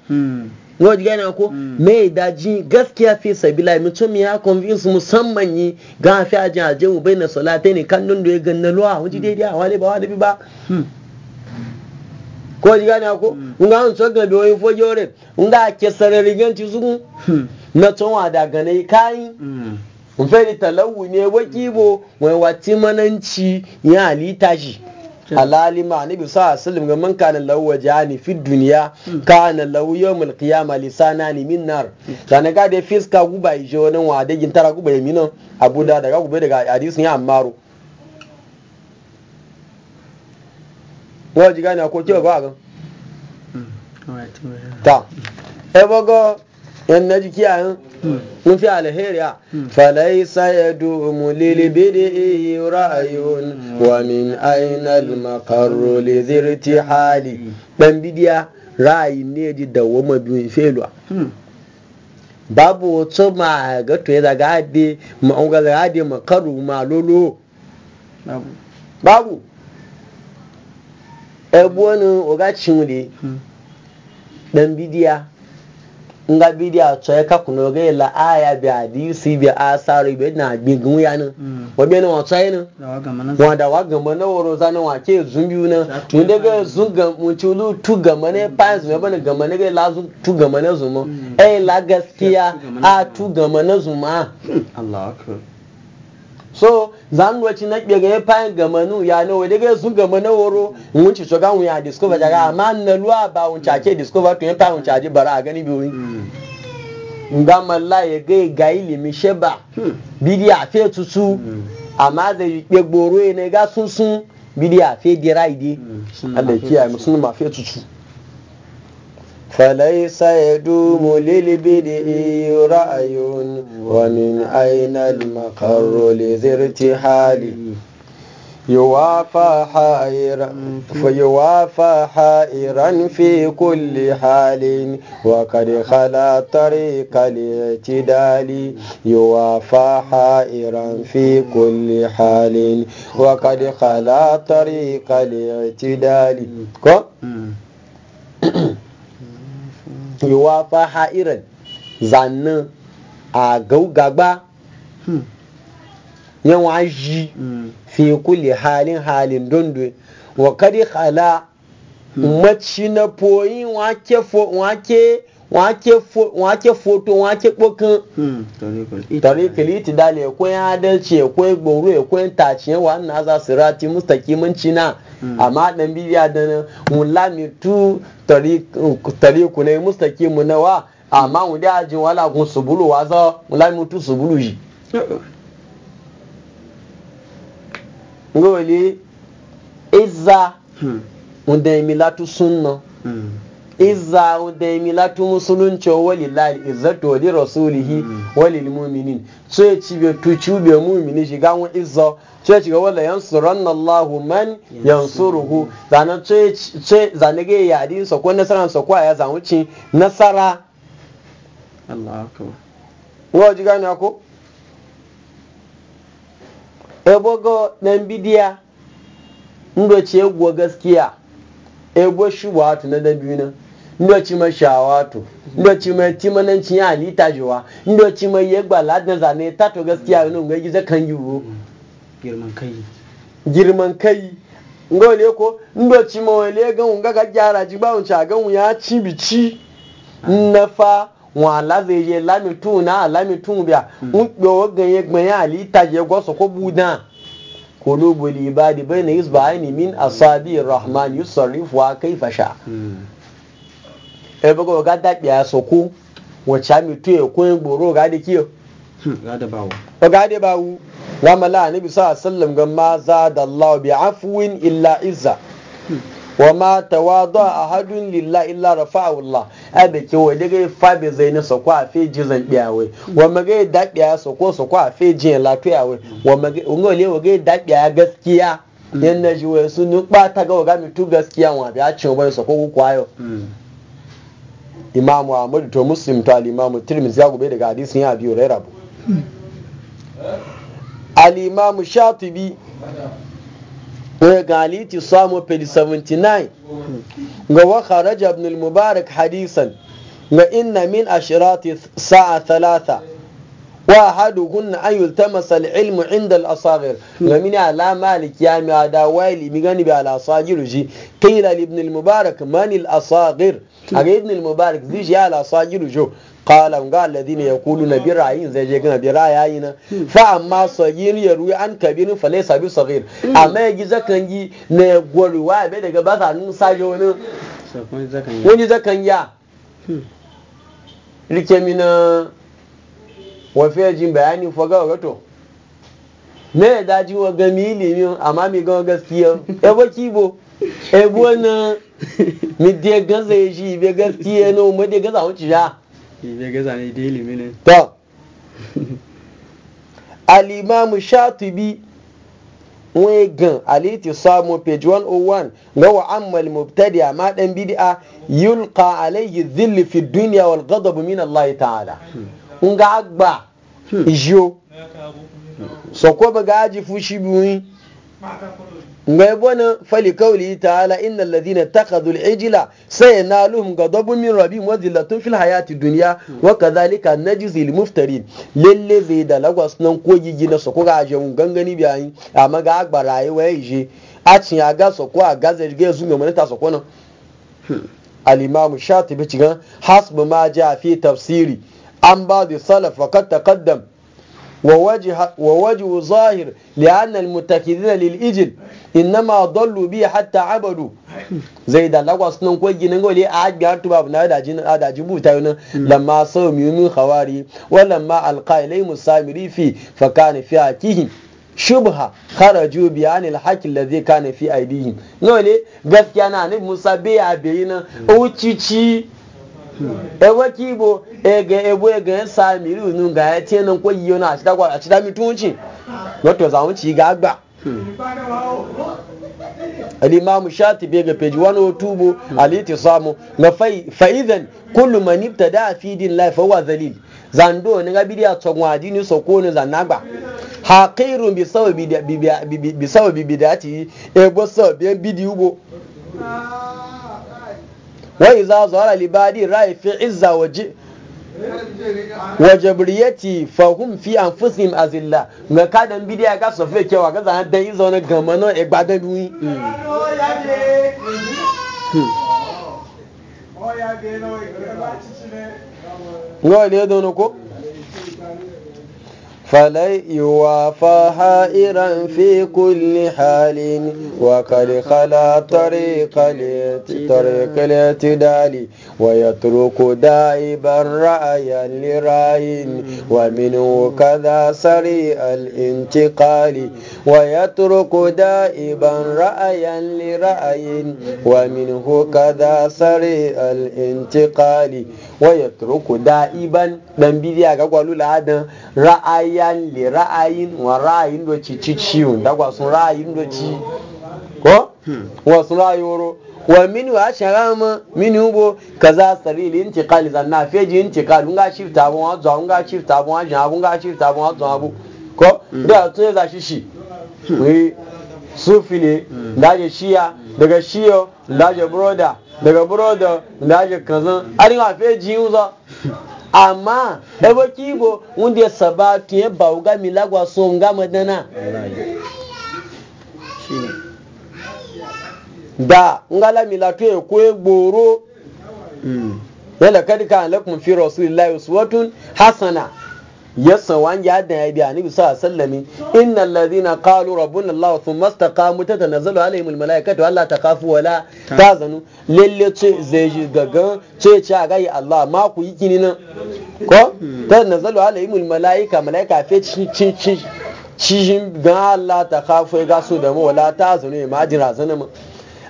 wadda gane ko mai mm. daji gaskiya fi sabila mutum ya convince musamman yi ga fi ajin ajewu bai na salate ne kan nun da ya ganna luwa wajen mm. daidai a wale ba wale ba mm. ko wajen gane ko nga an tsoga bai wani fojo re nga ke sarari ganci sun, hmm. na wa da gane kayi mfani talawu ne wakibo wani wati mananci ya halitta shi alalima ni bisa sallim ga man kana lahu wajani fi dunya hmm. kana lahu yawmul qiyama ni min nar kana hmm. ga da fiska guba ijo wannan wa da gin tara guba yamino abu da daga guba daga hadisin ya ammaru wa ji gani ko kiwa ba ga hmm. ta e bogo yan naji kiyayen mun fi alheriya falaisa ya dumu lilibidi ra'ayun wa min ainal makarro lizirti hali ɗan bidiya ra'ayi ne ji dawoma biyu feluwa babu wato ma ga to ya zaga ade ma zaga ade ma karu ma lolo babu hmm. ɗan wani bidiya nga bidiya tsoye ka kuno ga la aya bi hadisi bi asari bi na bi gun ya nan mm. wa bi na wato ne? wa da wa gamba na woro za na wake zumbi na mun daga zun ga mun ci lu tu gamba ne pa zu ba na gamba ne ga la zu tu gamba ne zuma mm. eh la gaskiya a tu gamba ne zuma Allah akbar so wace na kpega ya fayin ya ne wadda ga sun gamanu woro wunci so ga wuya discover daga mm. amma na luwa ba wunci ake mm. discover to mm. hmm. ya fayin aji bara a gani bi wuni nga malla ya ga ga bidi a fe tutu amma da kpe gboro ne ga sun sun bidi a fe dira ide kiyaye fe tutu فليس يدوم للبدء رأي ومن أين المقر لذي ارتحال يوافى حائرا فيوافى حائرا في كل حال وقد خلا طريق الاعتدال يوافى حائرا في كل حال وقد خلا طريق الاعتدال wa fa ha'irar zanna a gaugagba hmm. yawa ji hmm. fi kulle halin halin dundu wa kadi hala hmm. mace na foyi wake wọn ake foto wọn ake kpokan hmm, ti itidali ekwen adalci ekwen gboro ekwen taciyen wa na za sirati mustakimanci na hmm. amma dan biyu da nan mun lamitu tariku ne mun na wa amma mun da ajin wala kun subulu wa za mun lamitu subulu yi ngoli izza hmm. mun da mi latu sunna izza da yi milatu musulunci wali lali izzatu wali rasulihi mm. wali muminin so ya ci bai tuci bai mumini shiga wani izza so ya ga wala yan suran allahu man yan suruhu zane ga yi sa ko nasara sa ko ya zan wuce. nasara Allah akbar wa ji gane ko ebogo na mbidiya ndo ce gaskiya ebo shi wa na da biyu Ndo chima shawatu chima ma timananci ya halitta jiwa ndoci ma yegba da zane ta to gaskiya yana ga gizo kan yiwu girman kai girman kai le ko ndoci ma wale ga unga ga gyara ji ba unca ga hmm. ya ci bici nafa wa la la mi tu na tu biya un yo ga yegba ya halitta je so ko budan قلوب العباد بين إصبعين من أصابع الرحمن يصرفها كيف شاء ebe ga ga daɓe a soko wacce a mitu ya e koyi e gboro ga da kiyo hm, ga da bawu wa mala annabi sallallahu alaihi wasallam ga ma za da Allah bi afwin illa izza hm. wa ma tawadu ahadun lillah illa rafa'ahu Allah da ke wa daga e fa be zaini soko a fe ji zan biyawe wa maga da biya soko soko a fe ji la tuyawe wa maga ngole wa ga da biya gaskiya hm. yan na ji wa sun ba ta ga ga tu gaskiya wa biya cin wa soko ku kwayo imamu ahmadu to muslim to alimamu tirmidhi ya gobe daga hadisin ya biyu raira bu alimamu shatibi ga aliti samu peli 79 ga wa kharaja ibn mubarak hadisan ga inna min ashirati sa'a talata. wa hadu kunna an yultamasa ilmu inda al-asagir ga mini ala malik ya a ada wa ilimi gani bi al-asagir ji kila ibn al-mubarak man al-asagir aga ibn mubarak zai ya al-asagir jo qala ga Kulu, yaquluna bi ra'yin zai je bi fa amma sagir ya ruwi an kabir fa laysa sagir amma ya giza kan gi na gwarwa bai daga ba sa nun sajo wani wani zakan ya rike mina wafe jin bayani faga wato me ya daji wa gami ilimi amma mi gama gaskiya ya e ba kibo e buwana mi de gaza ya shi be gaskiya no mu de gaza wuce sha be gaza ne de ilimi ne to al-imam shatibi e gan aliti samu page 101 ga wa ammal mubtadi ma dan bid'a yulqa alayhi dhilli fi dunya wal ghadab min Allah ta'ala hmm. nga agba hmm. ijio soko ba gaji fushi biyu nga ibona fali kauli ta'ala innal ladhina takhadhu al-ijla sayanaluhum ghadabun min rabbihim wa dhillatun fil hayati duniya. wa kadhalika najzi al-muftarin lalle zai da lagwas nan ko gigi na soko ga je mun gangani biyayi amma ga agbaraye waye je a cin aga soko a gaza ga yanzu ga soko nan hmm. al-imam shatibi cigan hasbu ma ja fi tafsiri عن بعض الصلف وقد تقدم ووجه, ووجه ظاهر لأن المتكذين للإجل إنما ضلوا به حتى عبدوا زيدا ده لو أصلاً كوي جننغو لي أعج بارتو بابنا هذا جبوه تاونا لما صوم من خواري ولما ألقى إليهم السامري في فكان في أكيهم شبه خرجوا بيان الحق الذي كان في أيديهم aydihim no le gaskiya na ne musa be ya ewe kibo ege ebo ege sa miru nu ga ya tie na ashida kwa ashida mi tunchi wato za wuci ga gba al-imam shatibi ga page 102 bo al-itisamu na fa ma kullu man a fi din la fa huwa zalil zando ne ga bidiya tsogwa dini soko ne zanagba haqirun bi sababi bi sababi bidati ebo sababi bidi ubo wa iza zahara libadi ra'i fi izza waje wa jabriyati fa hum fi anfusihim azilla ga kadan bidiya ga sofe kewa ga zan dan izo na gama no e gbadan duwi hmm. Hmm. ko? فلن يوافى حائرا في كل حال وقد خلا طريق طريق الاعتدال ويترك دائبا رأيا لراي ومنه كذا سريع الانتقال ويترك دائبا رأيا لرأي ومنه كذا سريع الانتقال waya turku da'iban dan bidiya ga gwalu ladan ra'ayan li ra'ayin wa ra'ayin do ci ci ciwon, dagwa sun ra'ayin do ci ko wa sun ra'ayoro wa mini wa sharama min hubo kaza saril intiqal zan na feji intiqal nga shifta bon wa zo nga shifta bon wa jan bon nga shifta bon wa zo abu ko da tun za shi shi sufi ne da shiya daga shiyo da broda daga burodo da ake kazan arin hafe jiyu za amma ebe kibo wanda ya saba tuye ba wuga milagwa so nga madana da ngala milatu ya kwe gboro hmm. yadda kadika alaikun fi rasulillahi uswatun hasana yasa wani ya dan ya biya nabi sallallahu alaihi wasallam innal ladina qalu rabbuna allah thumma istaqamu tatanazzalu alaihim al Allah alla kafu wala tazanu lalle ce zai ji gaga ce ce a gai allah ma ku yi kini nan ko tatanazzalu alaihim al malaika malaika fe ci ci ci ci ga allah takafu ga su da mu wala tazanu ma jira zanama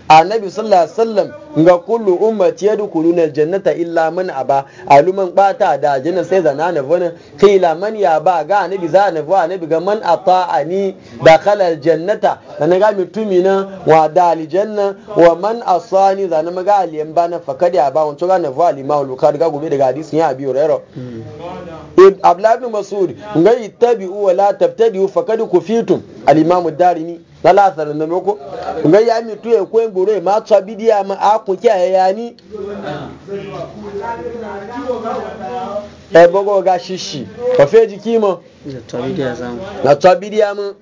annabi sallallahu alaihi wasallam ga kullu ummati yadkhuluna aljannata illa man aba aluman bata da aljanna sai zana na bana kila man ya ba ga annabi za na ba annabi ga man ata'ani dakhala aljannata dan ga mutumi na wa da janna wa man asani zana maga aliyan bana fakadi aba wancan ga na ba limau lukar ga gobe daga hadisin ya biyo rero. abdullahi ibn mas'ud ngai tabi'u wa la tabtadi'u faqad kufitum al-imam ad-darimi lala asar na mako ngai ya mi tuye ko en buru ma tsa bidiya ma aku ki ayani e ga shishi fa feji kimo na tsa bidiya ma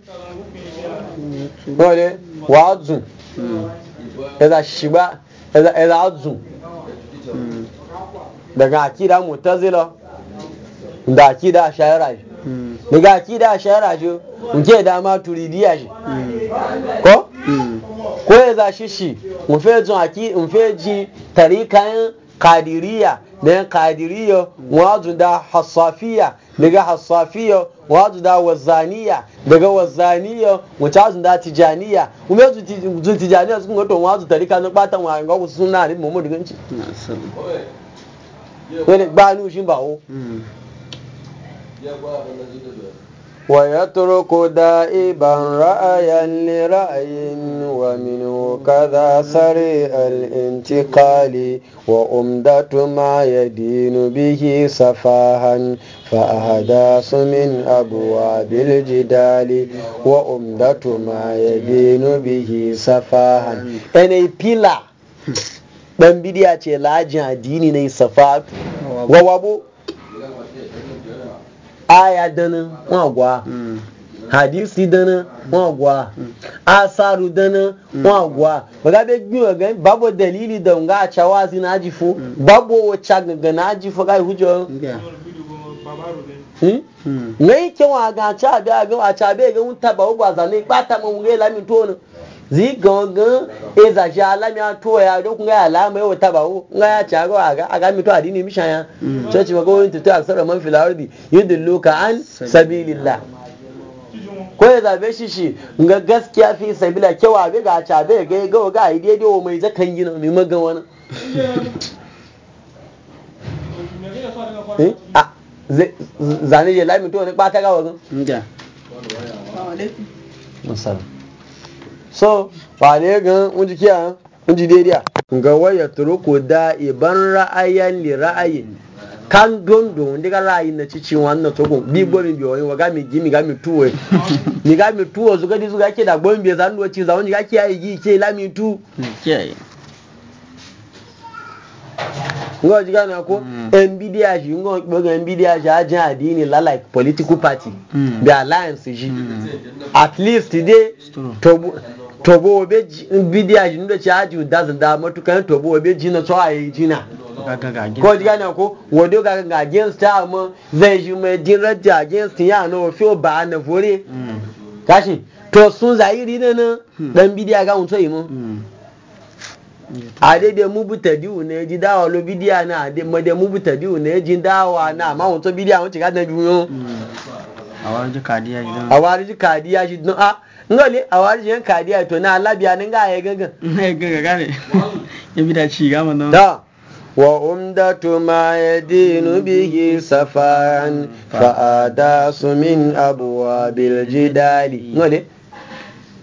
wale wa azu eza shiba eza eza azu daga akira mutazila da akida ashayara shi daga hmm. da ashayara shi nke dama turidiya shi hmm. ko hmm. ko ya zashi shi mfe jin aki mfe ji tarikayen kadiriya na kadiriyo wajin da hasafiya, daga hassafiya wajin da wazaniya daga wazaniya wacin da tijaniya ume yanzu tijaniya sun goto wajin tarika na batan wa ga wasu suna ne mu mu diganci wani ba nushin ba o ويترك دائبا رأيا لرأي ومنه كذا سريع الانتقال وأمدة ما يدين به سفاها فأهداس من أبواب الجدال وأمدة ما يدين به سفاها أني بلا بمبدي أتي لاجع ديني نيسفاك ووابو aya dana nwagwa hadisi dana nwagwa asaru dana nwagwa baga be gbiwa ga babu dalili da nga a cawazi na ajifo babu wacce gaga na ajifo ga hujo ngai kewa ga a ga ga cha be ga unta ba ugwa zane pata mu ngela mitona ziga gan e za shi alami a to ya don kun ya alama yau ta bawo kun ga ya chago aga aga aga mi to adini misha ya mm. so chima ba ko to ta aksara man fil ardi yudilluka an sabilillah ko ya e zabe shi shi ga gaskiya fi sabila kewa be ga cha be ga ga ga ai daidai o mai zakan yi mai magan wani eh, zane je lami to ne ba ta ga wa nja Assalamu alaikum. so ba ne gan wunji kiya wunji daidai ga waya turuku da iban ra'ayan li ra'ayin kan dondo wanda ga ra'ayin na cikin wannan togo, bi gomi bi wani wa gami gimi gami tuwo ni e. gami tuwo su gadi su gake da gomi bi zan e duwaci za wani gake yayi gi ke lami tu kiyaye ngo jiga na ko mm. nbda shi ngo gbogo nbda shi ajin adini la like political party the mm. alliance ji mm. at least today to tobo obe bidiya jini da caji da da matukan tobo obe jina so a yi jina ko ji gane ko wado ga ga against ta mu zai ji mai jin rajja against ya no fi ba na fore mm. kashi to sun zahiri ne hmm. na dan bidiya ga mun so yi mu mm. a daidai mu bu tadiu ne ji dawa lo bidiya na de Ma de mu bu tadiu ne ji dawa na ma mun so bidiya mun ci ga mm. na biyu a wari ji kadiya ji don a ngoli a wari jen kadiya to na labiya nin ga ya gaga ya gaga gane ya bi da ci gama nan da wa umdatu ma yadinu bihi safaran fa adasu min bil jidali ngoli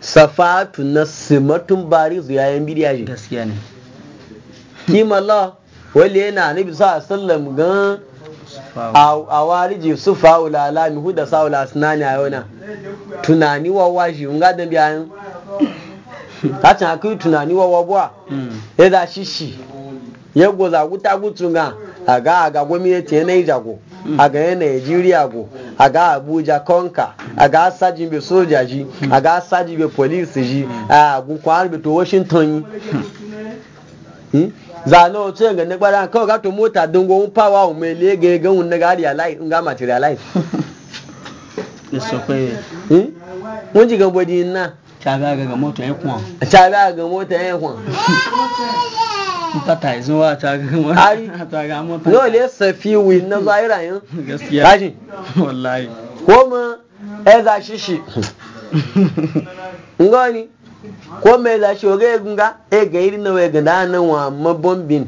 safatu na simatun bari zuyayen bidiya ji gaskiya ne kima Allah wali yana nabi sallallahu alaihi wasallam gan a ji su fa'ula alami huda sa'ula sinani a yona tunani wawa shi nga da biyan kacin haka tunani wawa buwa hmm. ya da shi shi ya goza guta gutu nga a ga a ga gwamnati yi jago hmm. a ga yanayi jiriya go a ga abuja konka a ga sajin bai soja ji hmm. a ga sajin bai polisi ji a gukwa bai to washington yi zane otu yanga na gbara kawai gato mota don gwamnan wa mai lega ya gawun hmm? na gari nga ga materialize mun ji gan bodi na chaga ga mota ya chaga ga mota ya kwan tata yanzu wa chaga ga mota chaga mota no le safi wi na zaira yin gaskiya wallahi ko e za ngani ko mai lashe wa gaya gunga e ga iri na wai gada na wa bombin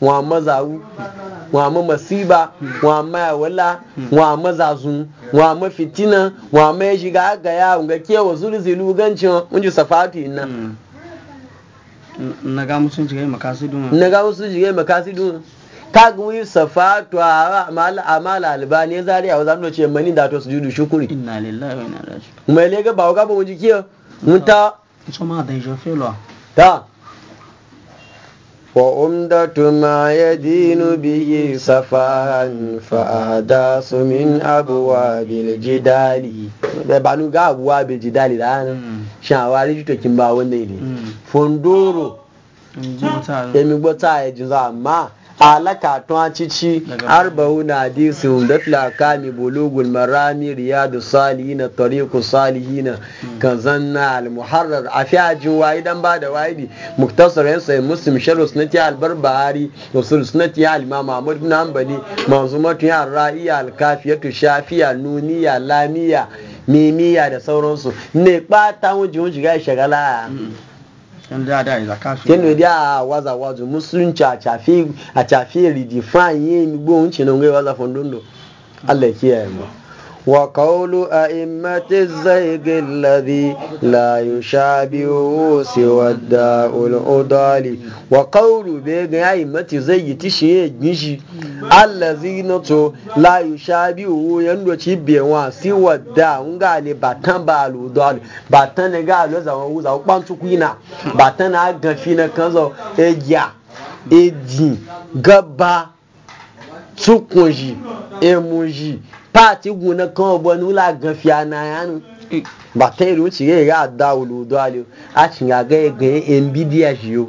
wa zawu wa masiba wa ma yawala wa zazu wa fitina wa ya shiga ga ya ga kewa zulzulu gancin unji safatu na na ga musun jigai dun na ga musun jigai makasidun ta gwi safatu amal amala albani ya zari a wazan ce mani da to sujudu shukuri inna lillahi wa inna ilaihi raji'un mai lega ba ga ba mun ji kiyo mun ta Da. Wa umdatu ma ya dinu biyi safan fa’ada su min abuwa biljidali. Da banu ga abuwa biljidali da hannun hmm. shawa rijitokin ba wannan ne. Hmm. Fondoro. Hmm. Emi gbota ya e ji za alaka tuwa cici arba'u na hadisu da tulakami bulugul marami riyadu salihina tariku salihina hmm. kazan na almuharrar a fi ajin wayi dan ba da wayi muktasar yan sai muslim sharu sunati albarbahari da sun alima mahmud bin hanbali matu yan ra'iya shafiya nuniya lamiya mimiya da sauransu ne ɓata wujin wujin ga shagala hmm. kendo dia waza musulunci a cafe a cafe redefine yi gbóhun cinan gai waza fondondo allah kiyaye mu وقول أئمة الزيغ الذي لا يشابهه سوى الداء الأضال وقول بيغ أئمة الزيغ تشيه جنشي الذين تو لا يشابهه يندو تبيوان سوى الداء ونغالي باتن بالأضال باتن نغالي زوان وزاو بانتوكينا باتن أغنفين كنزو إجيا إجي gaba tsukunji emunji pati guna kan obo nula gafia na yanu ba ta iru ci ga ga da uludo ali a ci ga ga ga nbidia jiyo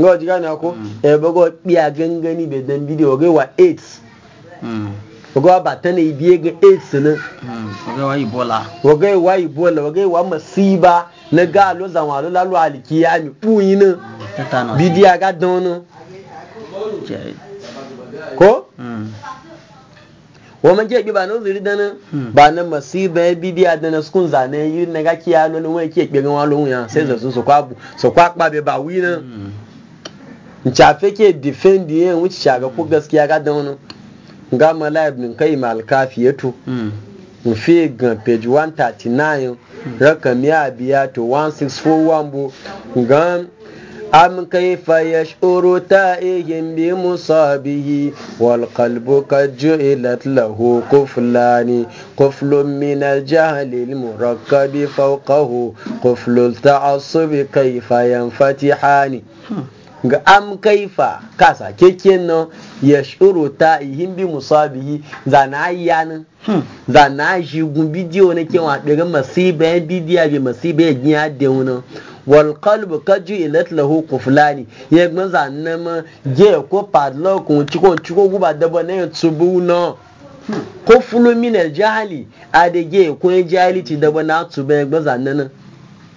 ngo ji gana ko hmm. e bogo biya gangani be dan bidiyo ga wa 8 ogo ba ta ne ibiye ga 8 ne ogo wa ibola ogo wa ibola ogo wa masiba na ga lo zanwa lo lalu aliki ya mi puyin bidiya ga dono ko wa man ke ba no zuri dana ba na masiba ya bibiya dana sukun zane yi na ga kiya no no wai ke gbe gan walo ya sai zasu su kwa su kwa pa be ba wi na nchafe ke defend yin wuce shaga ko gaskiya ga da wani gama mala min kai ma alkafi mal kafiyatu fi ga page 139 rakam ya biya to 1641 bu gan أم كيف يشعر تائه بمصابه والقلب قد جئلت له قفلان قفل من الجهل المركب فوقه قفل التعصب كيف ينفتحان ga am kaifa ka sake kenan ya shuru ta ihin bi musabihi za na ayya nan za na shi gun bidiyo na kewa daga masiba ya bidiya bi masiba ya gina da wunan wal qalbu kaju ilat lahu kuflani ye gbon zanama je ko padlock un chiko chiko guba dabo ne tubu no quflu jahali a jahli je ko jahali ti dabo na tubu gbon zanana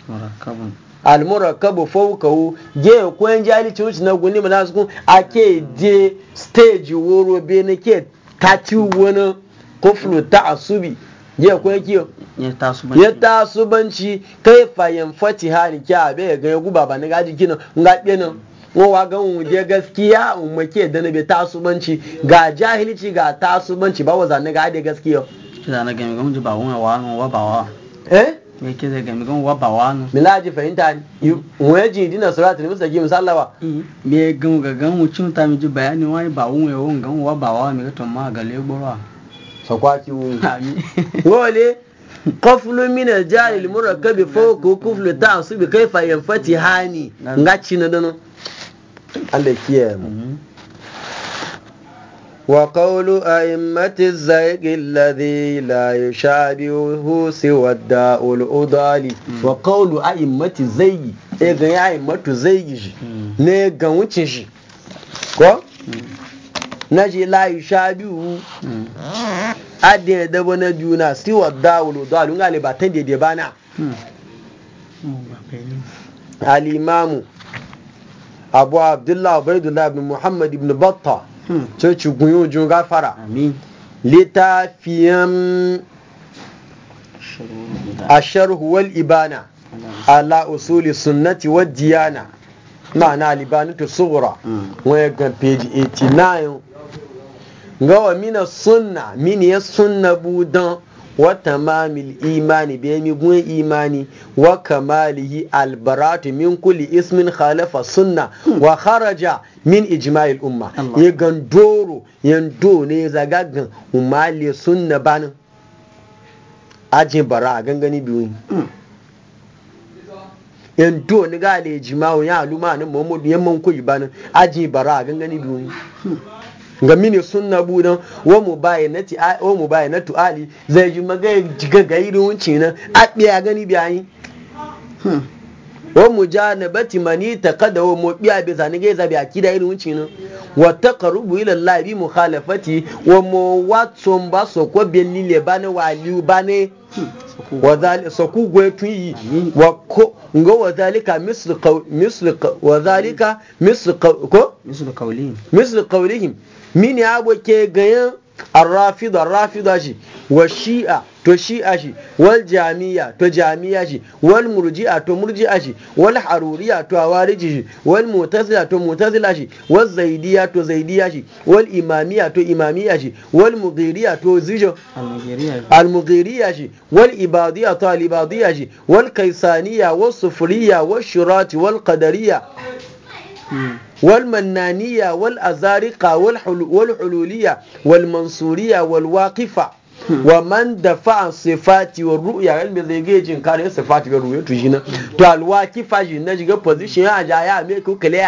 murakabun al murakkabu fawqahu je ko jahali ti wuci na guni mana su ake je stage woro be ne ke tati wona ta asubi. ya kuwa kiyo ya tasubanci yi fayin fati hali kya abe ya ga ya guba ba na gaji kino, nga kenan wa ga mu je gaskiya mu make da na be tasubanci ga jahilci ga tasubanci ba wa zane ga da gaskiya zana ga mu ji ba wa wa ba wa eh me ke da gami wa waba wano ji fahimta ni ya ji dina surati ni musa gimi sallawa me gan ga gan wucin ta mi ji bayani wani ba wun ya wun gan ba wa mi ga to ma ga legbora sakwati wuri wale kofulu mina jahil muraka bi foku kofulu ta su bi kai fayyan fati hani nga ci na dano alle kiye mu mhm. wa qawlu a'immati zayq alladhi la yushabihu siwa da'ul udali mhm. wa qawlu a'immati zayq mhm. e ga ya'immatu zayq ne ga wucin shi ko na je layu sha biyu adin da wani juna siwa dawulo dawulo nga le batan dede na. alimamu abu abdullahi ubaidullah ibn muhammad ibn batta ce ci gunyo jun gafara littafiyan asharhu wal ibana ala usuli sunnati wal diyana ma'ana libanatu sughra hmm. wani ga page 89 gawa mina sunna mini ya sunna budan wa tamamil imani bi mi gun imani wa kamalihi albaratu min kulli ismin khalafa sunna wa kharaja min ijma'il umma ya gandoro yando ne zagagan umali sunna banin ajin bara a gangani biyu yando ni ga le ijma'u ya aluma ne muhammadu yamman kuyi banin ajin bara a gangani biyu ga mini sunna budan wa mu wa mubayinatu ali zai ji magana ga gairi wuncin nan a biya gani biyayi wa mujanabati mani taqada wa mubiya bi zanige zabi akida irin wuncin nan wa taqarrubu ila Allah bi mukhalafati wa muwatsun ba so ko belli le bane waliu bane wa hmm. zalika saku tun yi wa ko ngo wa zalika misl misl wa zalika misl ko misl qawlihim misl qawlihim mini abu ke gayan arrafida arrafida shi wa shi'a to shi'a shi wal jami'a to jami'a shi wal murji'a to murji'a shi wal haruriya to awariji shi wal mutazila to mutazila shi wal zaidiya to zaidiya shi wal imamiya to imamiya shi wal mughiriya to zijo al mughiriya shi wal ibadiya to alibadiya shi wal kaisaniya wal sufuriya wal shirati wal qadariya wal mannaniya wal azariqa wal hululiya wal mansuriya wal waqifa hmm. wa man dafa sifati wa ru'ya ilmi zai ga jin kare sifati ga ru'ya shiga position ya ja ya me ko kale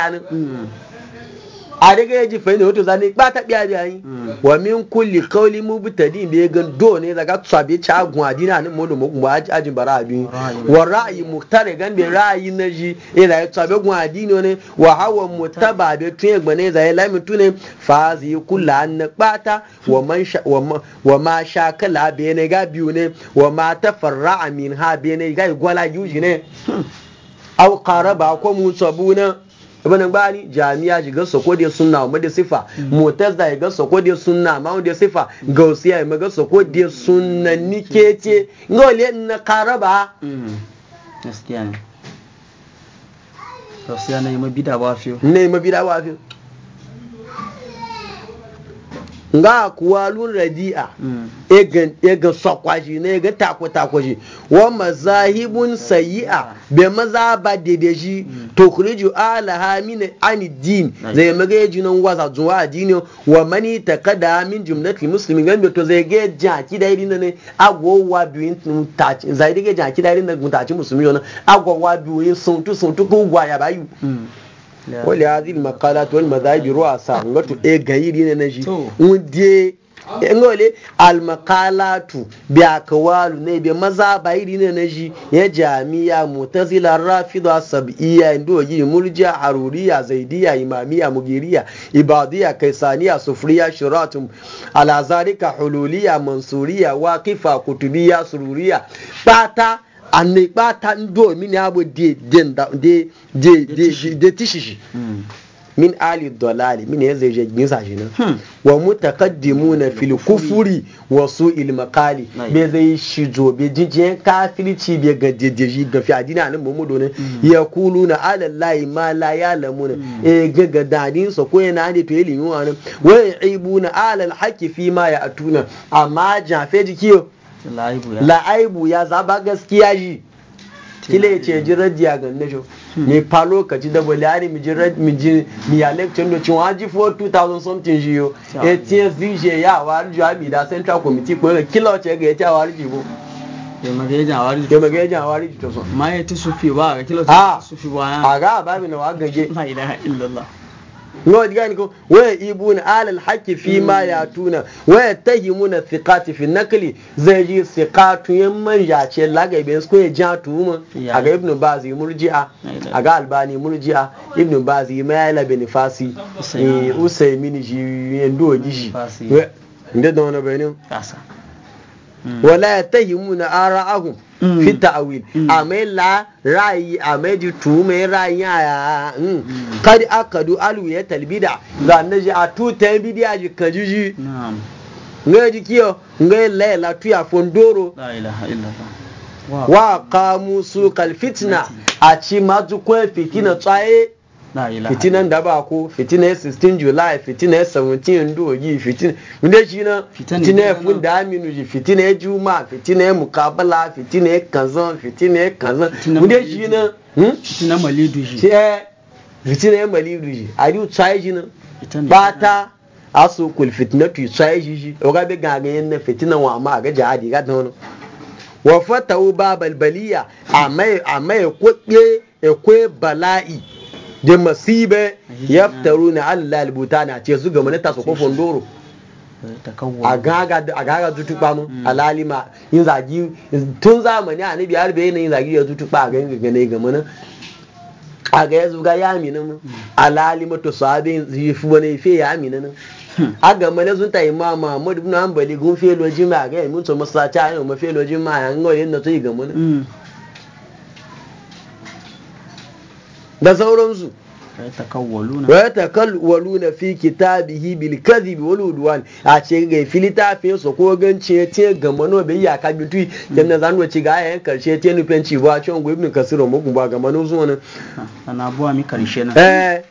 adega yaji fayna hoto zane ba ta biya biya yi hmm. wa min kulli qawli mubtadi be gan do ne daga tsabe cha gun adina ne mu mu ba ajin bara abi wa ra'yi muktare gan be ra'yi na ji e da tsabe gun adino ne wa hawa mutaba be tun egba ne da lami tune fazi kulla an bata wa man wa ma sha kala be ne ga biyu ne wa ma tafarra'a min ha be ne ga gwala yuji ne hmm. au qaraba ko mun sabuna ibn bani jami'a ji ga ko da sunna mu da sifa ya ga ko da sunna ma da sifa gausiya ma ga ko da sunna nikece ngole na karaba mm. gaskiya ne gausiya ne ma bida ba fiyo ne ma bida ba fiyo nga lun radi'a hmm. ega sakwashi ne ga takwa shi wa mazahibun sayi'a hmm. be maza ba dede shi hmm. to kuriju alaha min ani din zai maga ya junan wasa zuwa addini wa mani ta kada min jumlatul muslimin gan to zai ga jaki da irin ne agwowa biyun taci zai ga jaki da irin ne mutaci musulmi yana agwowa biyun sun tu sun tu ko gwaya bayu wali hadhihi almaqalat wal madhahib ru'asa ah. ngato e gayiri ne naji wunde e ngole almaqalatu bi akwalu ne bi mazabairi ne naji ya jami'a mu'tazila rafida sab'iyya ndo yi murji'a haruriya zaidiya, imamiya, mugiriya ibadiya, kaisaniya sufriya shiratum alazarika hululiyya mansuriya waqifa kutubiya, sururiya bata ana ikpa ta ndị omini abụ de tishishi hmm. min ali dolali min yanzu ya jirgin sashi nan hmm. wa mutakaddimu na hmm. fil kufuri wa su ilmakali bai zai shi jo bai jinjiyar kafirci bai ga jejeji ga fi adina nan mamudu ne ya kulu na alallahi ma la ya e eh, ga ga dadin sa ko yana ne to ilimin wani wa ibu na alal haki fi ma ya atuna amma jafe jikiyo la'aibu ya zaba gaskiya shi kile ce ji radiya ga hmm. na ne fa lokaci da bolari mi ji mi ji mi ya lecture no cin waji for 2000 something ji yo etin vije ya wa ju abi da central committee ko ga kila ce ga ta wa ji bo ya magaja wa ji ya magaja wa ji to so ma ah! ya fi ba ga kila fi ba a ga mi na wa gage la ilaha illallah no diga ni ko ibu ibuna alal haki fi ma mm. yatuna waya tahimuna thiqati fi nakli zai ji thiqatu yan yace ce lagabe su ya ja tuma a ga ibnu Bazi murji'a a ga albani murji'a ibnu bazi ma la bin fasi usaymin ji yan do gishi inda da wani Mm. wala ya ta yi muna ara Fita mm. fi ta'awil mm. a mai la ra'ayi a mai ji tume ra'ayi a kari akadu alu ya talbida ga na ji a tutan bidiya ji kajiji ngai ji kiyo ngai laila tuya fondoro wa kamu su kalfitina a ci mazu kwen fitina tsaye fitinan da ba ko fitina 16 july fitina 17 oji fitina inda shi na fitina ya fun da aminu ji fitina ya juma fitina ya mukabala fitina ya kanzan fitina ya kanzan inda shi na fitina malidu ji hmm? eh, fitina ya malidu ji a yi tsaye ji na ta a su kul fitina tu tsaye ji ji o ga bi gangayen na fitina wa ma ga jihadi ga ta wani wa fatawu babal balbaliya a mai kwaɓe ekwe bala'i da masibe yaftaru na allah albutana ce su gama na taso kofin doro eh, a gaga zutukpa mm. mu alalima yin zagi tun zamani a nabi harbe yin zagi ya zutukpa a ganin gagane gama nan a ga ya zuga ya amina mu mm. alalima to sahabe yi fi wani fe ya amina nan hmm. a gama na zunta imam muhammad ibn hanbali gun fe lojima a ga yi mutu masallaci a yau mafe lojima a yanzu yin na to yi gama da sauransu kalwalu na fi kitabihi bil kadhibi wani udwan a ce ga fili ta fi so ko gance ya ce ga mano bai ya ka bitu dan zan ci ga yayin karshe te nufin ci ba ci on go ibn kasiro mugun ba ga mano zuwa nan ana buwa mi karshe na. Eh.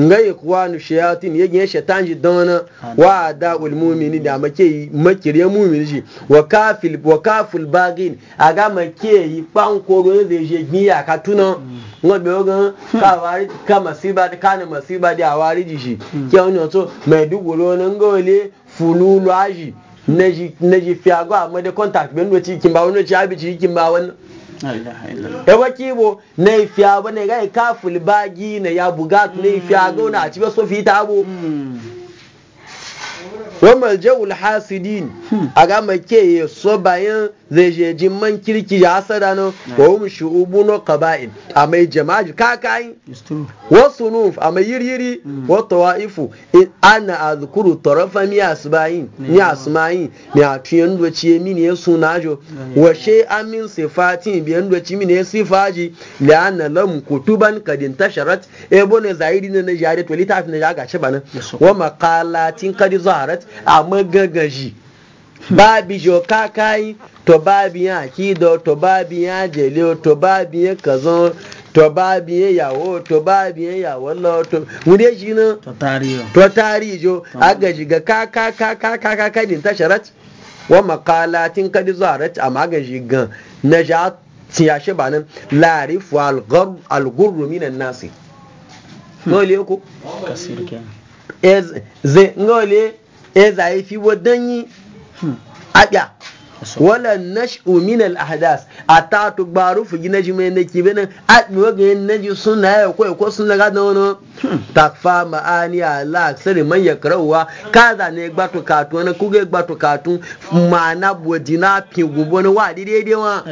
ngai nu shayatin ya gine shaitan ji dana wa da ulmumini da make makirya mu'mini ji wa kafil wa kaful bagin aga make yi pankoro zai je giya ka tuna hmm. o gan hmm. ka wari ka masiba da ne masiba da wari ji shi hmm. ke onyo to mai dugoro nan gole fululu aji na ji fiago amma da contact ben wati kin ba wani ci abi ci kimba ba ewa kibo hmm. na ifi abu ne gai kafin bagi na ya bugat na ifi abu na a ci so fi ta abu hmm. wa maljawul hasidin hmm. a ga so bayan zai je jimman man kirki ya hasada no wa hum shu'ubun qaba'il amai jama'a kakai wa sunuf amai yiriri hmm. wa tawaifu in ana azkuru tarafa mi asbain mi asmain mi ci doci mini ya sunajo wa shay amin sifatin biyan ci mini ya sifaji la ana lam kutuban kadin tasharat e bone zahiri ne na jare to litafin da ga shi bana wa maqalatin kad zaharat amma gagaji babi ka kai to babi ya kido, to babi ya jele to babi ya kazo to babi ya yawo to babi ya yawo lo to wuri shi na to tariyo to tariyo aga shiga ka ka ka ka ka ka ka din tasharat wa maqalatin kad zarat amma ga shiga najat she banin larifu al-gurru minan nasi hmm. ngole ko kasir ke ez ze ngole fi wodanyi aɓya wala nash'u min al ahdas a to gbaru fugi naji mai naki benan admi waga naji sunna ya ko ko sunna ga da wono takfa ma'ani ala sani man yakrawa kaza ne gbato katu na kuge gbato katu mana bodina pingubo na wa dide dewa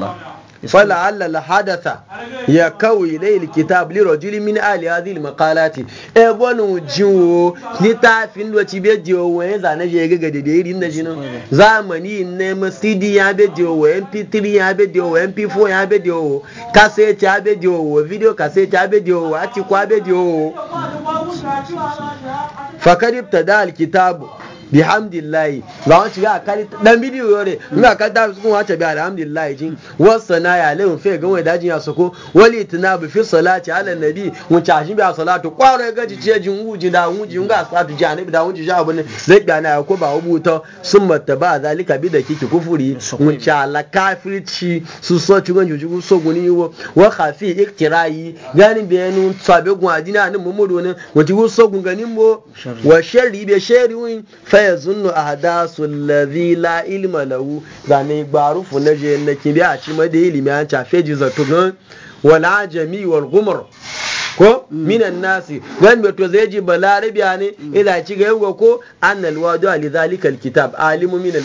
la fala'alla hadatha ya kawai ilayil kitab li rajulin min ali ya al maqalati e bonu jiwo ni ta fin do ci beji o wen za na je ga gade dai rin da jino zamani ne ma ya beji o wen p3 ya beji o wen p4 ya beji o cassette ya beji o video cassette ya beji o ati kwa beji o fakadi ta da alkitabu. bihamdillahi za wani shiga a kari dan bidiyo yore ina ka da su kuma wace bi alhamdillahi jin wasa na ya lewu fe ga wai dajin ya soko wali tuna bi fi salati ala nabi mun ta shi bi a salatu kwaro ga ji ce jin wuji da wuji ga salatu ji anabi da wuji ja ne. zai ga na ko ba ubuto sun mata ba zalika bi da kiki kufuri mun ta la kafirci su so ci ganju ji so guni wo wa khafi iktirayi gani bayanu tsabe gun adina nan mumudu ne wati so gun ganin mo wa sharri be sharri faya zunnu a hada su lazi la ilma lahu zane gbarufu na je na kibi a ci mada ilimi an cafe ji zato wala jami wal gumar ko mm. minan nasi gan beto zai ji balarabiya ne mm. ila ci ga yau ko annal wadu ali zalikal kitab alimu min al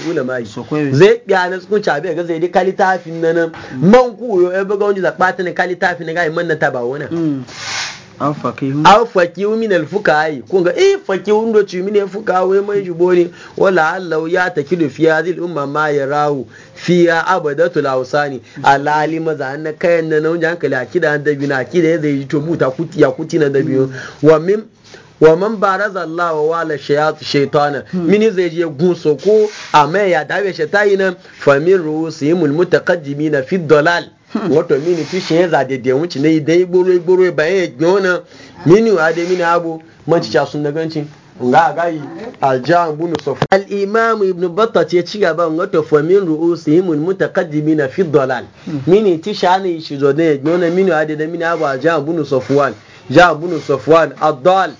zai kyana su kun cabe ga zai di kalitafin nan mm. man ku yo e buga wani zakpata ne kalitafin ga ta ba wani. an fakihu min ai kun ga eh fakihun do ci min fukawe mai jubo ne wala allahu ya takidu fi hadhihi umma ma yarahu fiya abadatul awsani alali maza na kayan nan nan hankali akida da bina kida zai to buta kuti ya kuti na da biyo hmm. wa min wa man baraza Allah wa wala shaytana hmm. mini zai je gunso ko amma ya dawe shaytani nan famin mul mutaqaddimina fi dalal wato mini tushen ya zade da wuce ne dai gboro gboro bayan ya gbe wannan mini wa da mini abu man ci sun da gancin nga gayi aljan bunu sofa al imam ibn battat ya ci gaba nga to fa min ru'usihim al mutaqaddimin fi dalal hmm. mini tishani shi zo ne gbe wannan mini wa da mini abu aljan bunu wani? ja bunu sofwan adal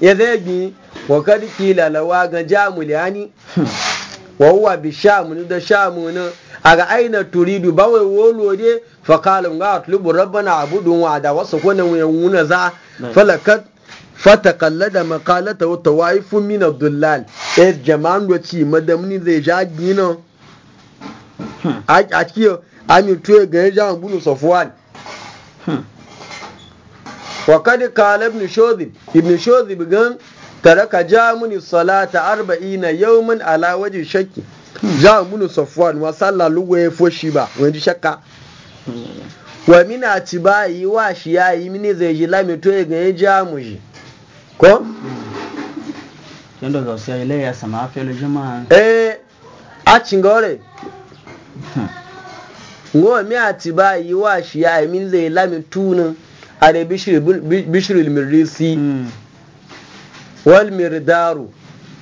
ya zai bi wa kad kila lawa ga jamul yani hmm. wa huwa bi shamu da shamu a aga aina turidu ba wai wolo ne fa qala ga tulubu rabbana abudun wa da wasu ko nan wuna za falakat fatakallada maqalata wa tawaifu min ad-dullal eh jama'an do ci madamni zai ja gino a ciyo ami tuye ga ja bulu safwan wa kad qala ibn shudhib ibn gan taraka jamuni salata arba'ina yawman ala waje shakki jamuni safwan wa sallah lugwa ya foshi ba wani shakka wa mina ci ba yi wa shi ya yi mini zai ji lami to ya ganye jamu shi ko? yadda ga wasu sama a felo jama'a eh a cingore hmm. ngo mi a ci ba yi wa shi ya yi mini zai lami tunan a da bishir mirisi والمردار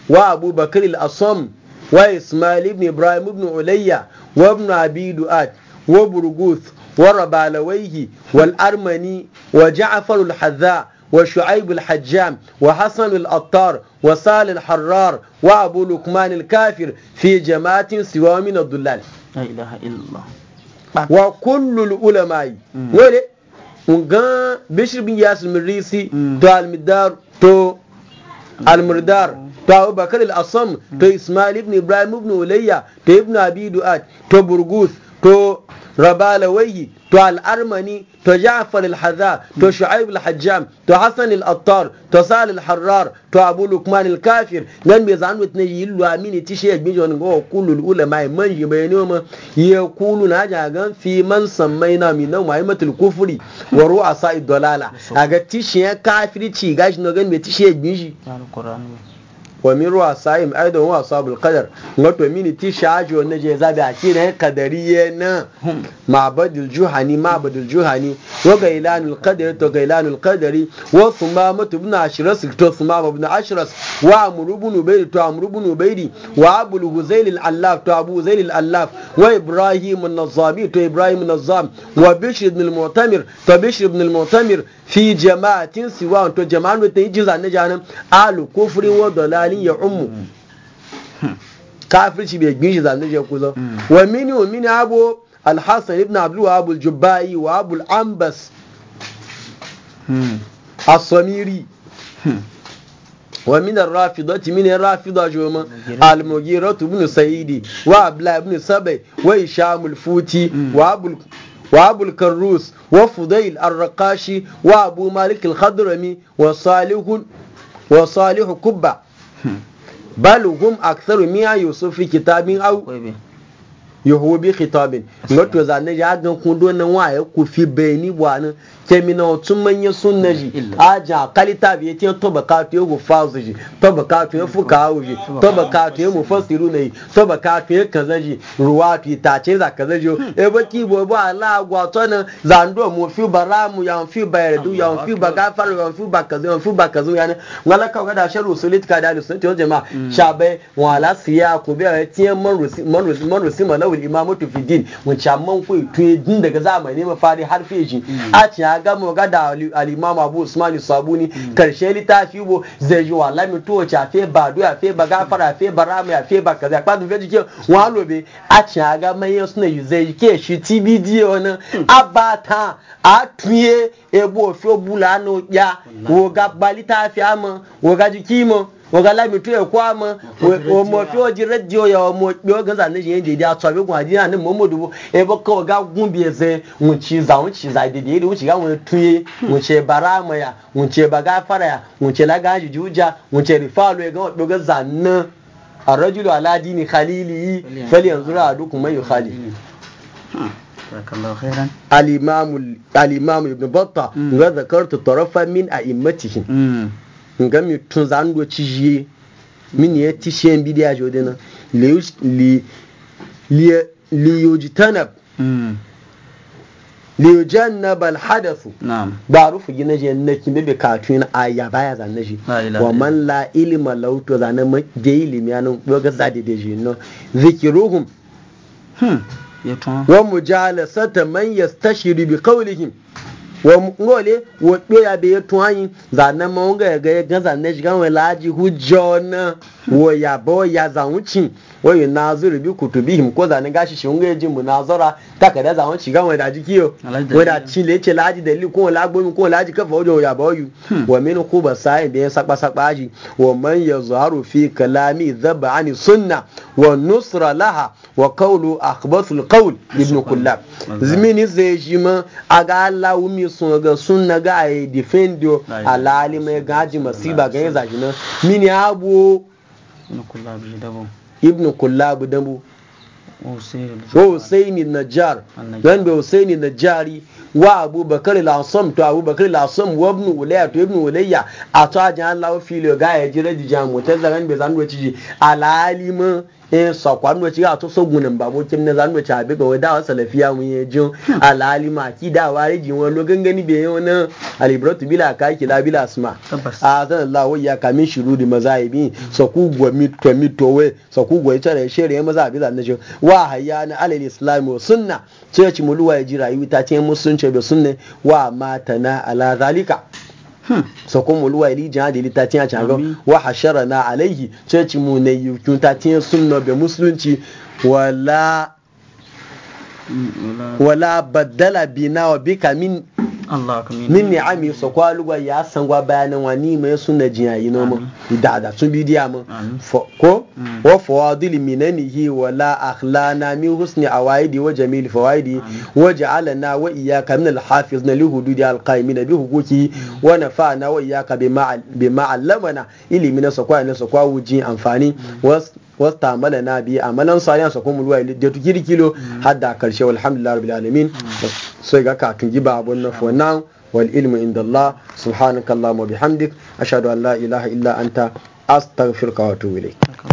وابو بكر الاصم واسماعيل بن ابراهيم بن عليا وابن ابي ulayya وبرغوث وربالويه والارمني وجعفر الحذاء وشعيب الحجام وحسن الأطار وصال الحرار وأبو لقمان الكافر في جماعة سوى من الضلال لا إله إلا الله وكل العلماء ولي ونغان بشر بن ياسر من ريسي تو المدار تو almurdar ta abubakar al-asam to ismail ibn ibrahim ibn ulayya to ibn abi du'at to burgus to rabalawayhi to al'armani to ja'far al-hadha to shu'aib al to hasan al-attar to Salil al-harrar to abu lukman al-kafir nan be zan wit ne yillu amini ti she gbin jon go kulul ulama man yibayni ma ya kulu na jagan fi man sammaina min maimatul kufri wa ru'asa ad-dalala aga ti she kafirci gashi no gan be ti she gbin shi wa min ruwa sa'im ai da wa sabul qadar wato mini ti shaji wannan je zabi a shi ne kadariye na ma'badul juhani ma'badul juhani wa gailanul qadari to gailanul qadari wa sumama ibn ashras to sumama ibn ashras wa amr ibn ubaydi to amr ibn ubaydi wa abul huzail al allaf to abu huzail al allaf wa ibrahim an-nazami to ibrahim an-nazam wa bishr ibn al-mu'tamir to bishr ibn al-mu'tamir fi jama'atin siwa to jama'an da yi jin zane janin alu kufrin wa dalalin ya ummu hmm. kafirci bai gbin shi zane je kuzo hmm. wa mini wa mini abu alhassan ibn abdul wa abul jubba'i wa abul ambas hmm. as wa min ar-rafidati min ar-rafida juma al-mughiratu ibn sa'idi wa abla ibn sabai wa isham al-futi wa abul wa abul karrus wa fudayl arraqashi wa abu malik alkhadrami wa wa salihu kubba hmm. bal hum aktharu miya yusuf kitabin aw yahubi khitabin ngato zanne ya gankun don nan waye ku fi bayni wa kemina otun manya sunna ji aja kalita biye tiyan to bakatu yego fazu ji to bakatu ye fuka hawo ji to bakatu ya na yi to bakatu ye kaza ji ruwa tu ta ce za kaza ji hmm. e baki bo bo ala agwa to nan zando mu fi baramu ya fi bayardu ya fi bagafar ya fi bakazu ya fi bakazu ya ne wala ka ga da sharu sulit ka da sunnati wal jama'a shabe wala siya ku biya tiyan man rusi man rusi man rusi malawul imamatu fi din mun chamman ku tu din daga zamani mafari har feji hmm. a ciya ya ga mu ga da al-imam Abu Usman Sabuni karshe littafi bo zai ji wallahi to cha fe ba do ya ba gafara afe ba ramu ya fe ba kaza kwa dun fe jike wa lobe a ci ga mai suna yi zai ke shi TBD ona abata a tuye ebo fi obula no ya wo ga balita fi ama wo ga jiki mo wagala mi tuye kwama wo mo fi o jire ji ya wo mo bi o yin dede ato bi kun adina ne e bo ko ga gun bi eze un chi za un chi za dede ede un chi ga un tuye un che bara ma ya un che baga fara ya un che la ga jujuja un che rifalu e o الإمام الإمام ابن بطة وذكرت طرفا من أئمتهم nga mi tun za ndo ci jiye min ya ti e shen bidiya jode na li li e- yujitanab hmm. liyujannab alhadathu ba rufu gina je na kin be ka tun ya baya na ji wa man la ilma law to zanne ma je ilmi an go ga zade de ji no zikiruhum hmm. wa mujalasata man yastashiru bi qawlihim ngole wobe ya be yetu anyi zanen ma wonga ga ga zanen shiga wa laji hujjo na wo ya bo ya zanwuci wo yi nazuru bi kutubihim ko zanen gashi shi wonga mu nazara ta kada zanwun shiga wani da jikiyo wada cile ce laji dalili ko lagbomi ko laji kafa wajen ya bo yu hmm. wa min ku ba sai da ya sakpa sakpa ji wa man yazharu fi kalami ani. sunna wa nusra laha wa qawlu akhbathul qawl ibn kullab zimini zai jima aga lawumi sun ga sun na ga a defendio alali mai gaji masiba ganye yanzu nan mini abu ibn kullabu dabu Hussaini Najjar dan da Hussaini Najjari wa Abu lasom al to Abu lasom al wa Ibn Ulayya to Ibn Ulayya a to ajan Allah filo ga ya jira jijan mutazzaran be zan wuce ji alalima in e, sakwa nwa ci ga to so gunin babo kin ne ci abi ga wada salafiya mun ye hmm. jin alali ma ki da wari jin wani logan gani be yau na alibratu bila ka ki la bila asma a zan Allah ya kamin shiru di mazaibi hmm. so ku gwa mi to mi to we so ku gwa ita da shere maza abi zan jin wa hayya na alal islam wa sunna sai ci muluwa ya ji rayuwa ta ce musunce da sunne wa matana ala zalika so ko mu luwa ili jihadi ili ta tiya can wa hashara na alaihi church mu ne yukun ta tiya suna bai musulunci wala wala badala bina wa bika min min ni ami so kwa lugwa ya san gwa bayanin wa ni mai sunna jiya yi no mu da da sun bidiya mu ko mm. wa fawadil minanihi wa wala akhlana min husni awaidi wa jamil fawaidi wa ja'alana wa iyyaka min al hafizna li hududi al qaimin bi hukuki mm. wa nafa'na wa iyyaka bima bima allamana ilimi na so kwa ne so kwa wujin amfani mm. wata amala na a amalan salihan sa kuma ruwa da tu kilo mm. har da karshe alhamdulillah rabbil alamin mm. sai ga katun giba abun na for now wal ilmu inda Allah subhanakallahumma bihamdik ashhadu an la ilaha illa anta astaghfiruka wa atubu ilayk